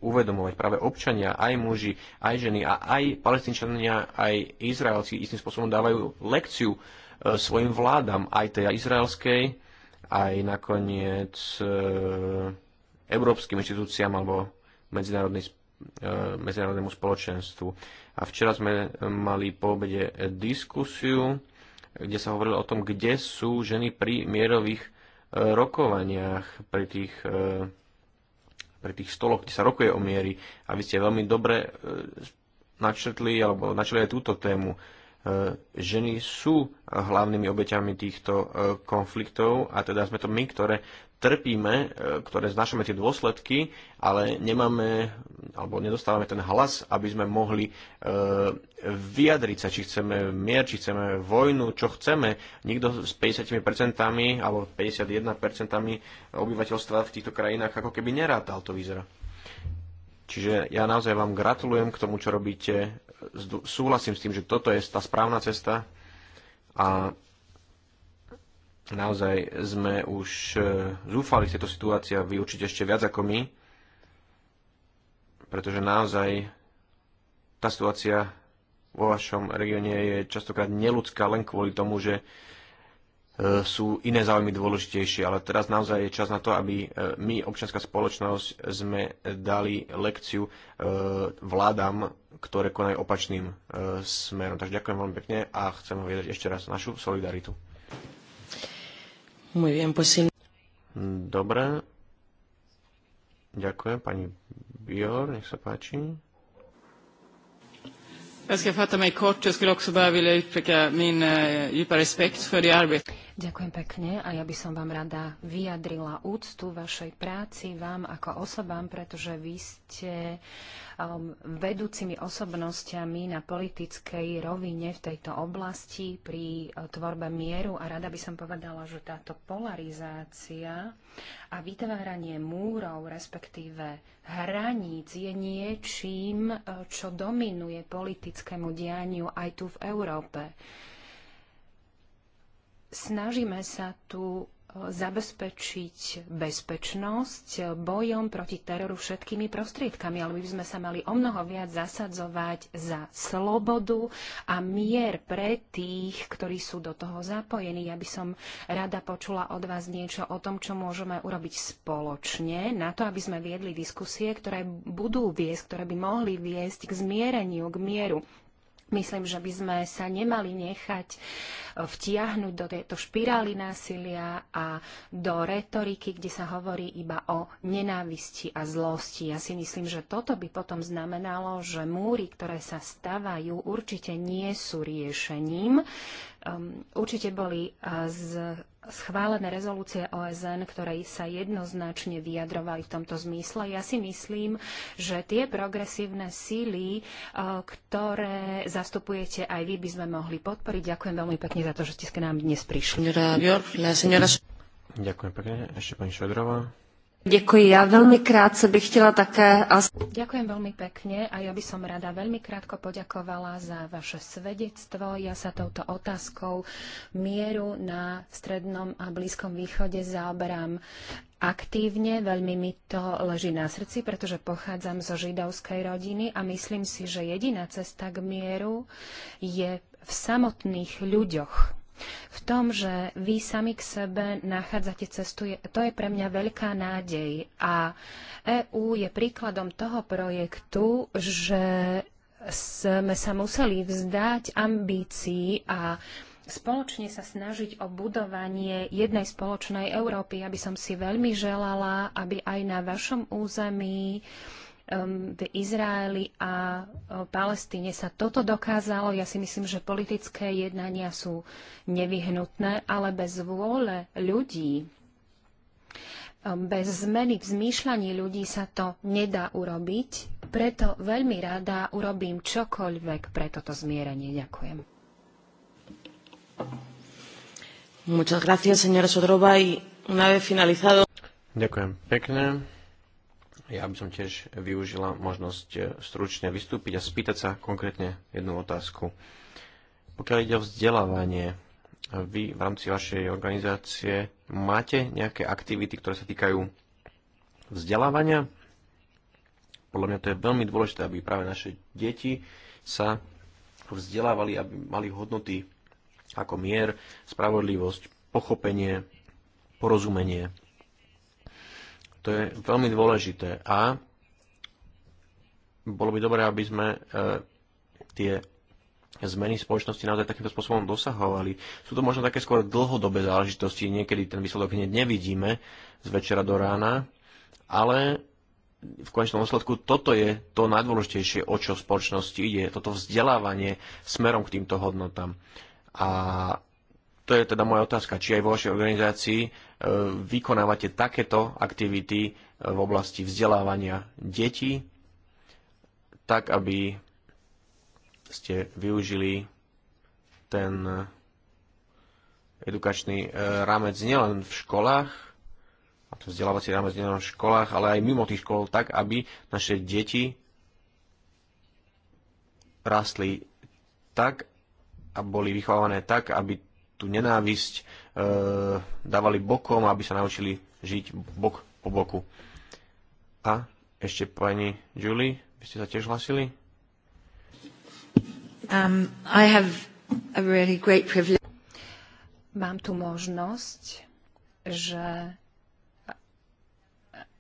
uvedomovať práve občania, aj muži, aj ženy a aj palestinčania, aj Izraelci istým spôsobom dávajú lekciu svojim vládam, aj tej izraelskej, aj nakoniec európskym inštitúciám alebo medzinárodnej spoločnosti E, medzinárodnému spoločenstvu. A včera sme mali po obede diskusiu, kde sa hovorilo o tom, kde sú ženy pri mierových e, rokovaniach, pri tých, e, pri tých stoloch, kde sa rokuje o miery. A vy ste veľmi dobre načrtli, alebo načrtli aj túto tému. Ženy sú hlavnými obeťami týchto konfliktov a teda sme to my, ktoré trpíme, e, ktoré znášame tie dôsledky, ale nemáme alebo nedostávame ten hlas, aby sme mohli e, vyjadriť sa, či chceme mier, či chceme vojnu, čo chceme. Nikto s 50% alebo 51% obyvateľstva v týchto krajinách ako keby nerátal, to vyzerá. Čiže ja naozaj vám gratulujem k tomu, čo robíte. Súhlasím s tým, že toto je tá správna cesta a Naozaj sme už e, zúfali v tejto situácii a vy určite ešte viac ako my, pretože naozaj tá situácia vo vašom regióne je častokrát neludská len kvôli tomu, že e, sú iné záujmy dôležitejšie, ale teraz naozaj je čas na to, aby e, my, občianská spoločnosť, sme dali lekciu vládam, ktoré konajú opačným smerom. Takže ďakujem veľmi pekne a chcem vyjadriť ešte raz našu solidaritu. Muy bien, pues sí. Dobre. Ďakujem, pani Bior, nech sa páči. Jag ska fatta mig kort. Jag skulle också bara vilja uttrycka min eh, djupa respekt för det arbete. Ďakujem pekne a ja by som vám rada vyjadrila úctu vašej práci vám ako osobám, pretože vy ste um, vedúcimi osobnosťami na politickej rovine v tejto oblasti pri uh, tvorbe mieru a rada by som povedala, že táto polarizácia a vytváranie múrov, respektíve hraníc je niečím, uh, čo dominuje politickému dianiu aj tu v Európe. Snažíme sa tu e, zabezpečiť bezpečnosť bojom proti teroru všetkými prostriedkami, ale my by sme sa mali o mnoho viac zasadzovať za slobodu a mier pre tých, ktorí sú do toho zapojení. Ja by som rada počula od vás niečo o tom, čo môžeme urobiť spoločne, na to, aby sme viedli diskusie, ktoré budú viesť, ktoré by mohli viesť k zmiereniu, k mieru Myslím, že by sme sa nemali nechať e, vtiahnuť do tejto špirály násilia a do retoriky, kde sa hovorí iba o nenávisti a zlosti. Ja si myslím, že toto by potom znamenalo, že múry, ktoré sa stavajú, určite nie sú riešením. Um, určite boli e, z schválené rezolúcie OSN, ktoré sa jednoznačne vyjadrovali v tomto zmysle. Ja si myslím, že tie progresívne síly, e, ktoré zastupujete aj vy, by sme mohli podporiť. Ďakujem veľmi pekne za to, že ste k nám dnes prišli. Ďakujem pekne. Ešte pani Šodrová. Ďakujem, ja veľmi krátce bych chtěla také... Ďakujem veľmi pekne a ja by som rada veľmi krátko poďakovala za vaše svedectvo. Ja sa touto otázkou mieru na Strednom a Blízkom východe zaoberám aktívne, veľmi mi to leží na srdci, pretože pochádzam zo židovskej rodiny a myslím si, že jediná cesta k mieru je v samotných ľuďoch v tom, že vy sami k sebe nachádzate cestu, to je pre mňa veľká nádej. A EÚ je príkladom toho projektu, že sme sa museli vzdať ambícií a spoločne sa snažiť o budovanie jednej spoločnej Európy. Aby som si veľmi želala, aby aj na vašom území uh, um, Izraeli a uh, Palestíne sa toto dokázalo. Ja si myslím, že politické jednania sú nevyhnutné, ale bez vôle ľudí, um, bez zmeny v zmýšľaní ľudí sa to nedá urobiť. Preto veľmi rada urobím čokoľvek pre toto zmierenie. Ďakujem. Muchas gracias, señora Sodrova. Y una vez finalizado. Ďakujem pekne. Ja by som tiež využila možnosť e, stručne vystúpiť a spýtať sa konkrétne jednu otázku. Pokiaľ ide o vzdelávanie, e, vy v rámci vašej organizácie máte nejaké aktivity, ktoré sa týkajú vzdelávania? Podľa mňa to je veľmi dôležité, aby práve naše deti sa vzdelávali, aby mali hodnoty ako mier, spravodlivosť, pochopenie, porozumenie to je veľmi dôležité a bolo by dobré, aby sme e, tie zmeny spoločnosti naozaj takýmto spôsobom dosahovali. Sú to možno také skôr dlhodobé záležitosti, niekedy ten výsledok hneď nevidíme z večera do rána, ale v konečnom dôsledku toto je to najdôležitejšie, o čo v spoločnosti ide, toto vzdelávanie smerom k týmto hodnotám. A to je teda moja otázka, či aj vo vašej organizácii e, vykonávate takéto aktivity e, v oblasti vzdelávania detí, tak aby ste využili ten edukačný e, rámec nielen v školách, a to vzdelávací rámec nielen v školách, ale aj mimo tých škôl, tak aby naše deti rastli tak a boli vychovávané tak, aby tú nenávisť e, dávali bokom, aby sa naučili žiť bok po boku. A ešte pani Julie, vy ste sa tiež hlasili? Um, I have a really great privilege. Mám tu možnosť, že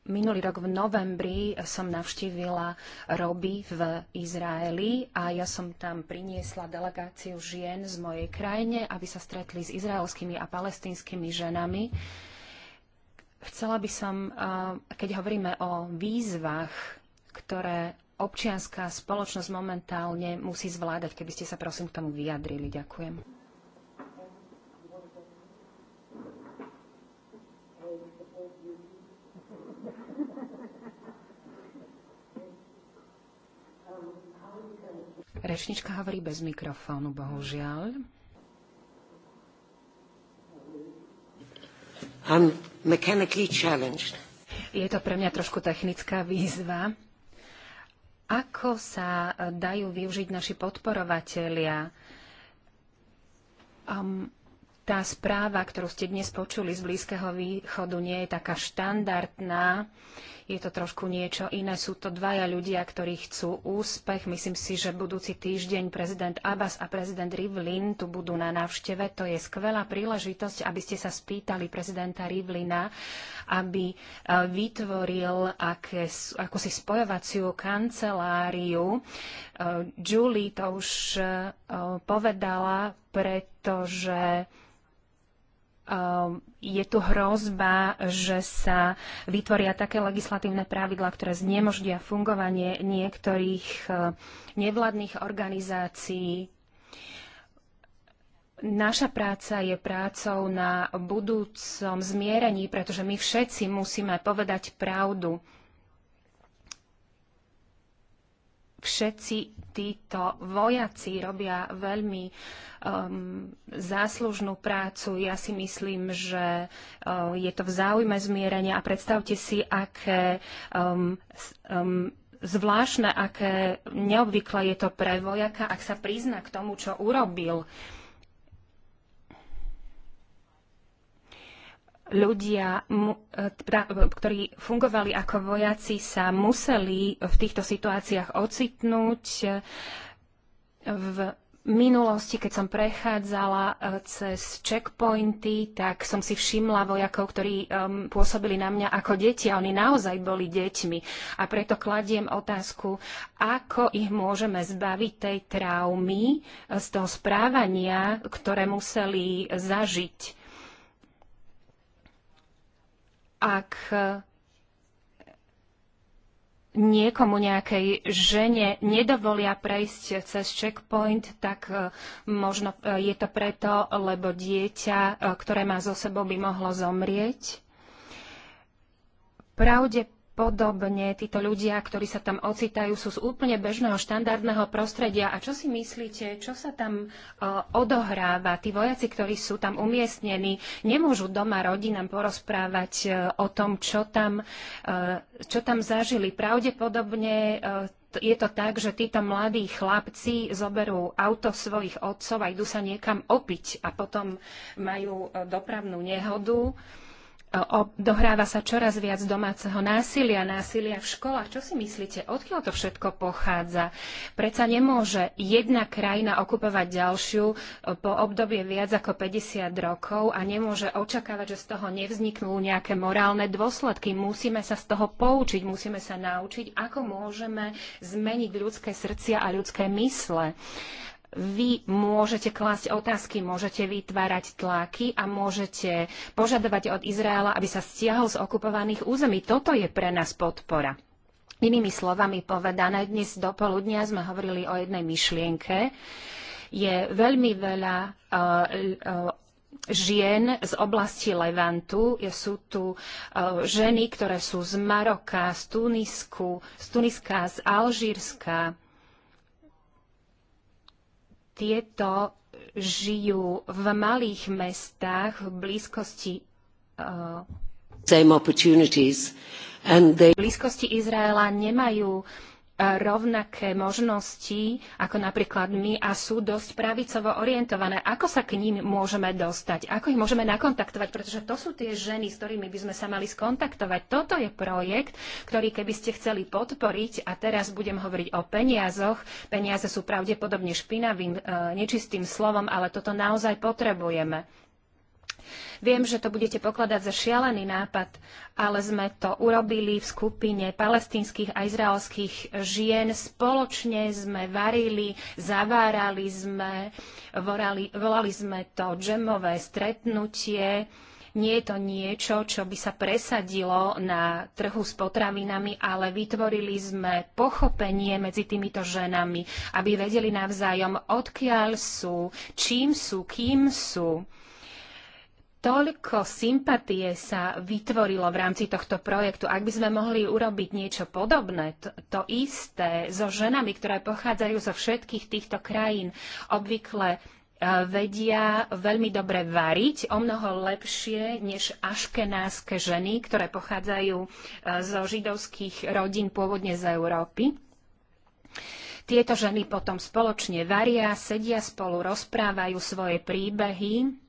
Minulý rok v novembri som navštívila Roby v Izraeli a ja som tam priniesla delegáciu žien z mojej krajine, aby sa stretli s izraelskými a palestinskými ženami. Chcela by som, keď hovoríme o výzvach, ktoré občianská spoločnosť momentálne musí zvládať, keby ste sa prosím k tomu vyjadrili. Ďakujem. Rečnička hovorí bez mikrofónu, bohužiaľ. I'm mechanically challenged. Je to pre mňa trošku technická výzva. Ako sa dajú využiť naši podporovatelia? Um, tá správa, ktorú ste dnes počuli z Blízkeho východu, nie je taká štandardná. Je to trošku niečo iné. Sú to dvaja ľudia, ktorí chcú úspech. Myslím si, že budúci týždeň prezident Abbas a prezident Rivlin tu budú na návšteve. To je skvelá príležitosť, aby ste sa spýtali prezidenta Rivlina, aby e, vytvoril akúsi spojovaciu kanceláriu. E, Julie to už e, povedala, pretože Ehm, je tu hrozba, že sa vytvoria také legislatívne pravidlá, ktoré znemožnia fungovanie niektorých eh, nevladných organizácií. Naša práca je prácou na budúcom zmierení, pretože my všetci musíme povedať pravdu všetci títo vojaci robia veľmi um, záslužnú prácu. Ja si myslím, že um, je to v záujme zmierenia a predstavte si, aké um, um, zvláštne, aké neobvykle je to pre vojaka, ak sa prizna k tomu, čo urobil. Um, ľudia, e, teda, e, ktorí fungovali ako vojaci, sa museli v týchto situáciách ocitnúť. E, v minulosti, keď som prechádzala cez checkpointy, tak som si všimla vojakov, ktorí um, pôsobili na mňa ako deti a oni naozaj boli deťmi. A preto kladiem otázku, ako ich môžeme zbaviť tej traumy z toho správania, ktoré museli zažiť ak e, niekomu nejakej žene nedovolia prejsť cez checkpoint, tak e, možno e, je to preto, lebo dieťa, ktoré má so sebou, by mohlo zomrieť podobne títo ľudia, ktorí sa tam ocitajú, sú z úplne bežného štandardného prostredia. A čo si myslíte, čo sa tam e, odohráva? Tí vojaci, ktorí sú tam umiestnení, nemôžu doma rodinám porozprávať e, o tom, čo tam, e, čo tam zažili. Pravdepodobne je to tak, že títo mladí chlapci zoberú auto svojich otcov a idú sa niekam opiť a potom majú dopravnú nehodu dohráva sa čoraz viac domáceho násilia, násilia v školách. Čo si myslíte, odkiaľ to všetko pochádza? Preca nemôže jedna krajina okupovať ďalšiu po obdobie viac ako 50 rokov a nemôže očakávať, že z toho nevzniknú nejaké morálne dôsledky. Musíme sa z toho poučiť, musíme sa naučiť, ako môžeme zmeniť ľudské srdcia a ľudské mysle vy môžete klásť otázky, môžete vytvárať tlaky a môžete požadovať od Izraela, aby sa stiahol z okupovaných území. Toto je pre nás podpora. Inými slovami povedané, dnes do poludnia sme hovorili o jednej myšlienke. Je veľmi veľa uh, uh, žien z oblasti Levantu. Sú tu e, ženy, ktoré sú z Maroka, z Tunisku, z Tuniska, z Alžírska, tieto žijú v malých mestách v blízkosti uh, v blízkosti Izraela nemajú rovnaké možnosti ako napríklad my a sú dosť pravicovo orientované. Ako sa k ním môžeme dostať? Ako ich môžeme nakontaktovať? Pretože to sú tie ženy, s ktorými by sme sa mali skontaktovať. Toto je projekt, ktorý keby ste chceli podporiť, a teraz budem hovoriť o peniazoch, peniaze sú pravdepodobne špinavým, e, nečistým slovom, ale toto naozaj potrebujeme. Viem, že to budete pokladať za šialený nápad, ale sme to urobili v skupine palestínskych a izraelských žien. Spoločne sme varili, zavárali sme, volali, volali sme to džemové stretnutie. Nie je to niečo, čo by sa presadilo na trhu s potravinami, ale vytvorili sme pochopenie medzi týmito ženami, aby vedeli navzájom, odkiaľ sú, čím sú, kým sú toľko sympatie sa vytvorilo v rámci tohto projektu. Ak by sme mohli urobiť niečo podobné, to, to isté, so ženami, ktoré pochádzajú zo všetkých týchto krajín, obvykle e, vedia veľmi dobre variť, o mnoho lepšie než aškenáske ženy, ktoré pochádzajú e, zo židovských rodín pôvodne z Európy. Tieto ženy potom spoločne varia, sedia spolu, rozprávajú svoje príbehy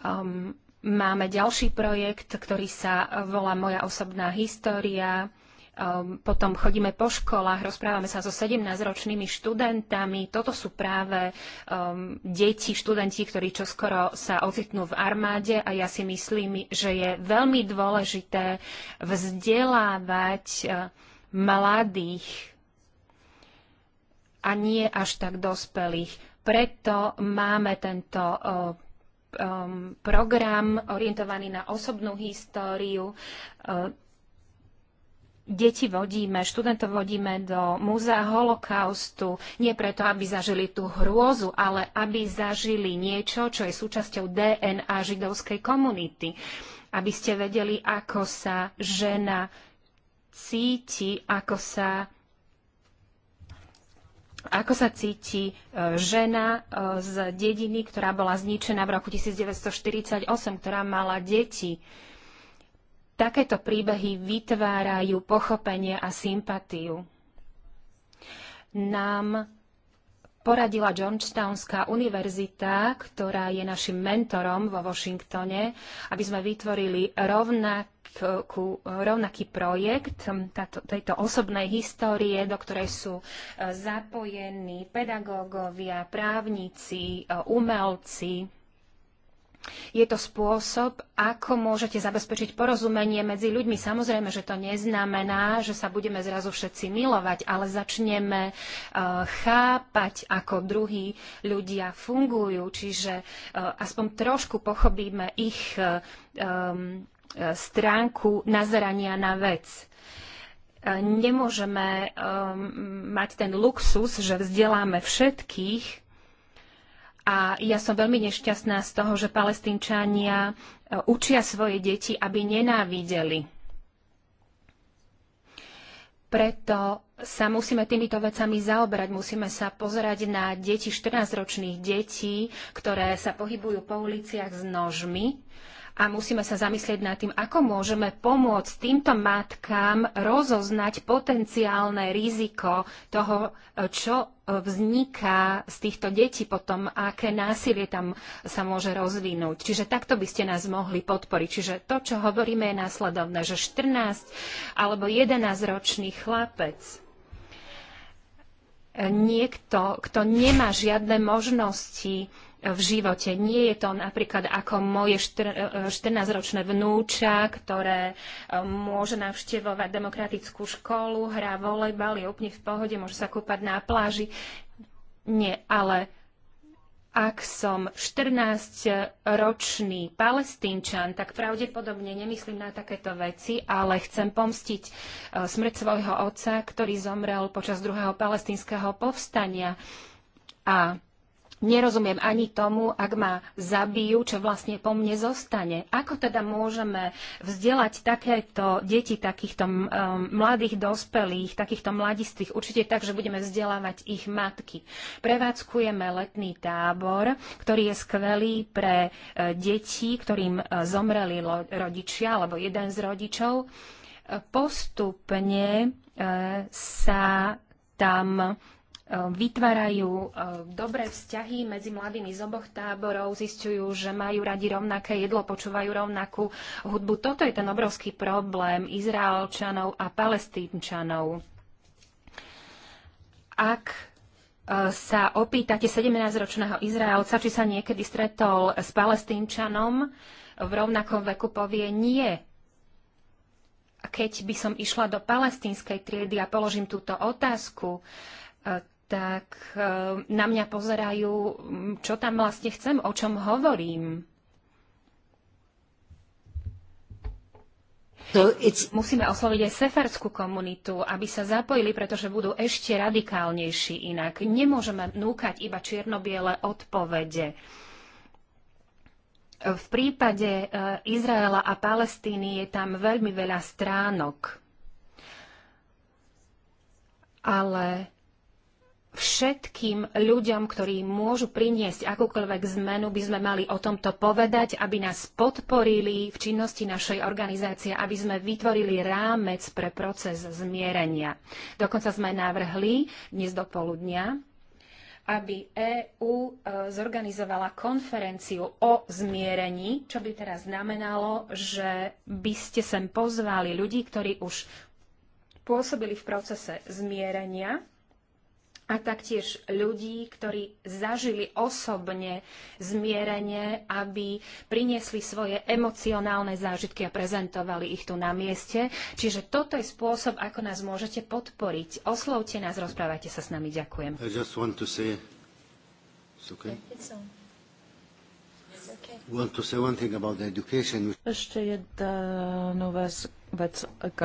Um, máme ďalší projekt, ktorý sa volá Moja osobná história. Um, potom chodíme po školách, rozprávame sa so 17-ročnými študentami. Toto sú práve um, deti, študenti, ktorí čoskoro sa ocitnú v armáde a ja si myslím, že je veľmi dôležité vzdelávať uh, mladých a nie až tak dospelých. Preto máme tento uh, um, program orientovaný na osobnú históriu. Uh, deti vodíme, študentov vodíme do múzea holokaustu, nie preto, aby zažili tú hrôzu, ale aby zažili niečo, čo je súčasťou DNA židovskej komunity. Aby ste vedeli, ako sa žena cíti, ako sa ako sa cíti e, žena e, z dediny, ktorá bola zničená v roku 1948, ktorá mala deti. Takéto príbehy vytvárajú pochopenie a sympatiu. Nám poradila Georgetownská univerzita, ktorá je našim mentorom vo Washingtone, aby sme vytvorili rovnak ku, rovnaký projekt um, táto, tejto osobnej histórie, do ktorej sú uh, zapojení pedagógovia, právnici, uh, umelci. Je to spôsob, ako môžete zabezpečiť porozumenie medzi ľuďmi. Samozrejme, že to neznamená, že sa budeme zrazu všetci milovať, ale začneme uh, chápať, ako druhí ľudia fungujú. Čiže aspoň trošku pochopíme ich um, stránku nazerania na vec. Nemôžeme um, mať ten luxus, že vzdeláme všetkých a ja som veľmi nešťastná z toho, že palestínčania uh, učia svoje deti, aby nenávideli. Preto sa musíme týmito vecami zaoberať. Musíme sa pozerať na deti, 14-ročných detí, ktoré sa pohybujú po uliciach s nožmi a musíme sa zamyslieť nad tým, ako môžeme pomôcť týmto matkám rozoznať potenciálne riziko toho, e, čo e, vzniká z týchto detí potom, aké násilie tam sa môže rozvinúť. Čiže takto by ste nás mohli podporiť. Čiže to, čo hovoríme, je následovné, že 14 alebo 11 ročný chlapec e, niekto, kto nemá žiadne možnosti v živote. Nie je to napríklad ako moje 14-ročné e, vnúča, ktoré e, môže navštevovať demokratickú školu, hrá volejbal, je úplne v pohode, môže sa kúpať na pláži. Nie, ale ak som 14-ročný palestínčan, tak pravdepodobne nemyslím na takéto veci, ale chcem pomstiť e, smrť svojho otca, ktorý zomrel počas druhého palestínskeho povstania. A Nerozumiem ani tomu, ak ma zabijú, čo vlastne po mne zostane. Ako teda môžeme vzdelať takéto deti, takýchto um, mladých dospelých, takýchto mladistvých? Určite tak, že budeme vzdelávať ich matky. Prevádzkujeme letný tábor, ktorý je skvelý pre uh, deti, ktorým uh, zomreli lo- rodičia alebo jeden z rodičov. Uh, postupne sa tam Eh, vytvárajú eh, dobré vzťahy medzi mladými z oboch táborov, zistujú, že majú radi rovnaké jedlo, počúvajú rovnakú hudbu. Toto je ten obrovský problém Izraelčanov a Palestínčanov. Ak eh, sa opýtate 17-ročného Izraelca, či sa niekedy stretol s palestínčanom, v rovnakom veku povie nie, keď by som išla do palestínskej triedy a položím túto otázku, tak e, na mňa pozerajú, čo tam vlastne chcem, o čom hovorím. So no, it's... Musíme osloviť aj sefarskú komunitu, aby sa zapojili, pretože budú ešte radikálnejší inak. Nemôžeme núkať iba čiernobiele odpovede. V prípade e, Izraela a Palestíny je tam veľmi veľa stránok. Ale všetkým ľuďom, ktorí môžu priniesť akúkoľvek zmenu, by sme mali o tomto povedať, aby nás podporili v činnosti našej organizácie, aby sme vytvorili rámec pre proces zmierenia. Dokonca sme navrhli dnes do poludnia, aby EÚ e, zorganizovala konferenciu o zmierení, čo by teraz znamenalo, že by ste sem pozvali ľudí, ktorí už pôsobili v procese zmierenia a taktiež ľudí, ktorí zažili osobne zmierenie, aby priniesli svoje emocionálne zážitky a prezentovali ich tu na mieste. Čiže toto je spôsob, ako nás môžete podporiť. Oslovte nás, rozprávajte sa s nami. Ďakujem. I just want to say... It's okay. It's on. Ešte jednu vec, vec k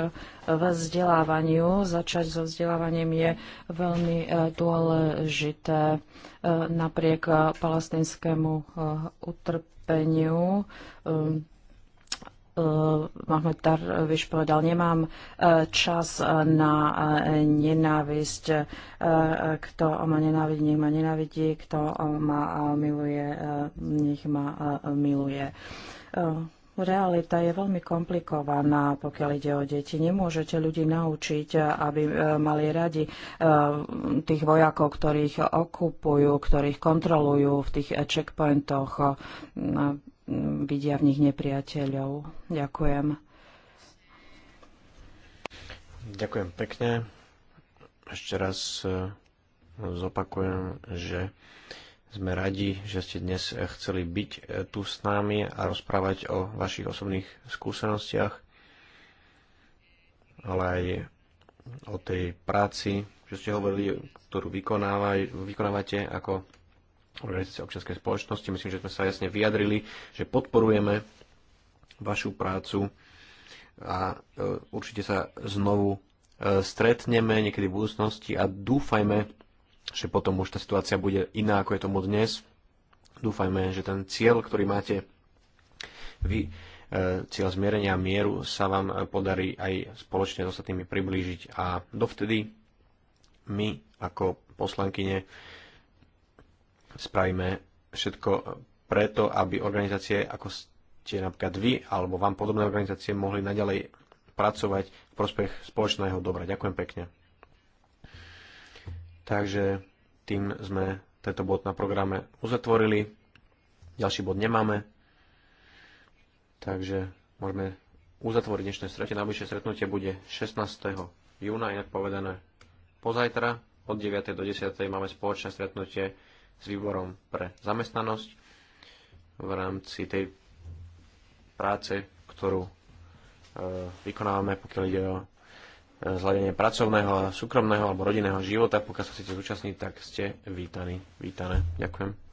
vzdelávaniu. Začať so vzdelávaním je veľmi e, dôležité. E, napriek e, palestinskému utrpeniu Eh, Mahmed Darviš povedal, nemám eh, čas eh, na nenávisť. Kto ma nenávidí, nech ma nenávidí. Kto ma miluje, nech ma miluje. Realita je veľmi komplikovaná, pokiaľ ide o deti. Nemôžete ľudí naučiť, aby mali radi tých vojakov, ktorých okupujú, ktorých kontrolujú v tých checkpointoch vidia v nich nepriateľov. Ďakujem. Ďakujem pekne. Ešte raz e, zopakujem, že sme radi, že ste dnes e, chceli byť e, tu s nami a rozprávať o vašich osobných skúsenostiach, ale aj o tej práci, že ste hovorili, ktorú vykonávate ako organizácie občianskej spoločnosti. Myslím, že sme sa jasne vyjadrili, že podporujeme vašu prácu a e, určite sa znovu e, stretneme niekedy v budúcnosti a dúfajme, že potom už tá situácia bude iná, ako je tomu dnes. Dúfajme, že ten cieľ, ktorý máte vy, e, cieľ zmierenia a mieru, sa vám podarí aj spoločne s ostatnými priblížiť. A dovtedy my ako poslankyne Spravíme všetko preto, aby organizácie ako ste napríklad vy alebo vám podobné organizácie mohli naďalej pracovať v prospech spoločného dobra. Ďakujem pekne. Takže tým sme tento bod na programe uzatvorili. Ďalší bod nemáme. Takže môžeme uzatvoriť dnešné stretnutie. Najbližšie stretnutie bude 16. júna, inak povedané pozajtra. Od 9. do 10. máme spoločné stretnutie s výborom pre zamestnanosť v rámci tej práce, ktorú e, vykonávame, pokiaľ ide o e, zladenie pracovného a súkromného alebo rodinného života. Pokiaľ sa chcete zúčastniť, tak ste vítaní. Vítané. Ďakujem.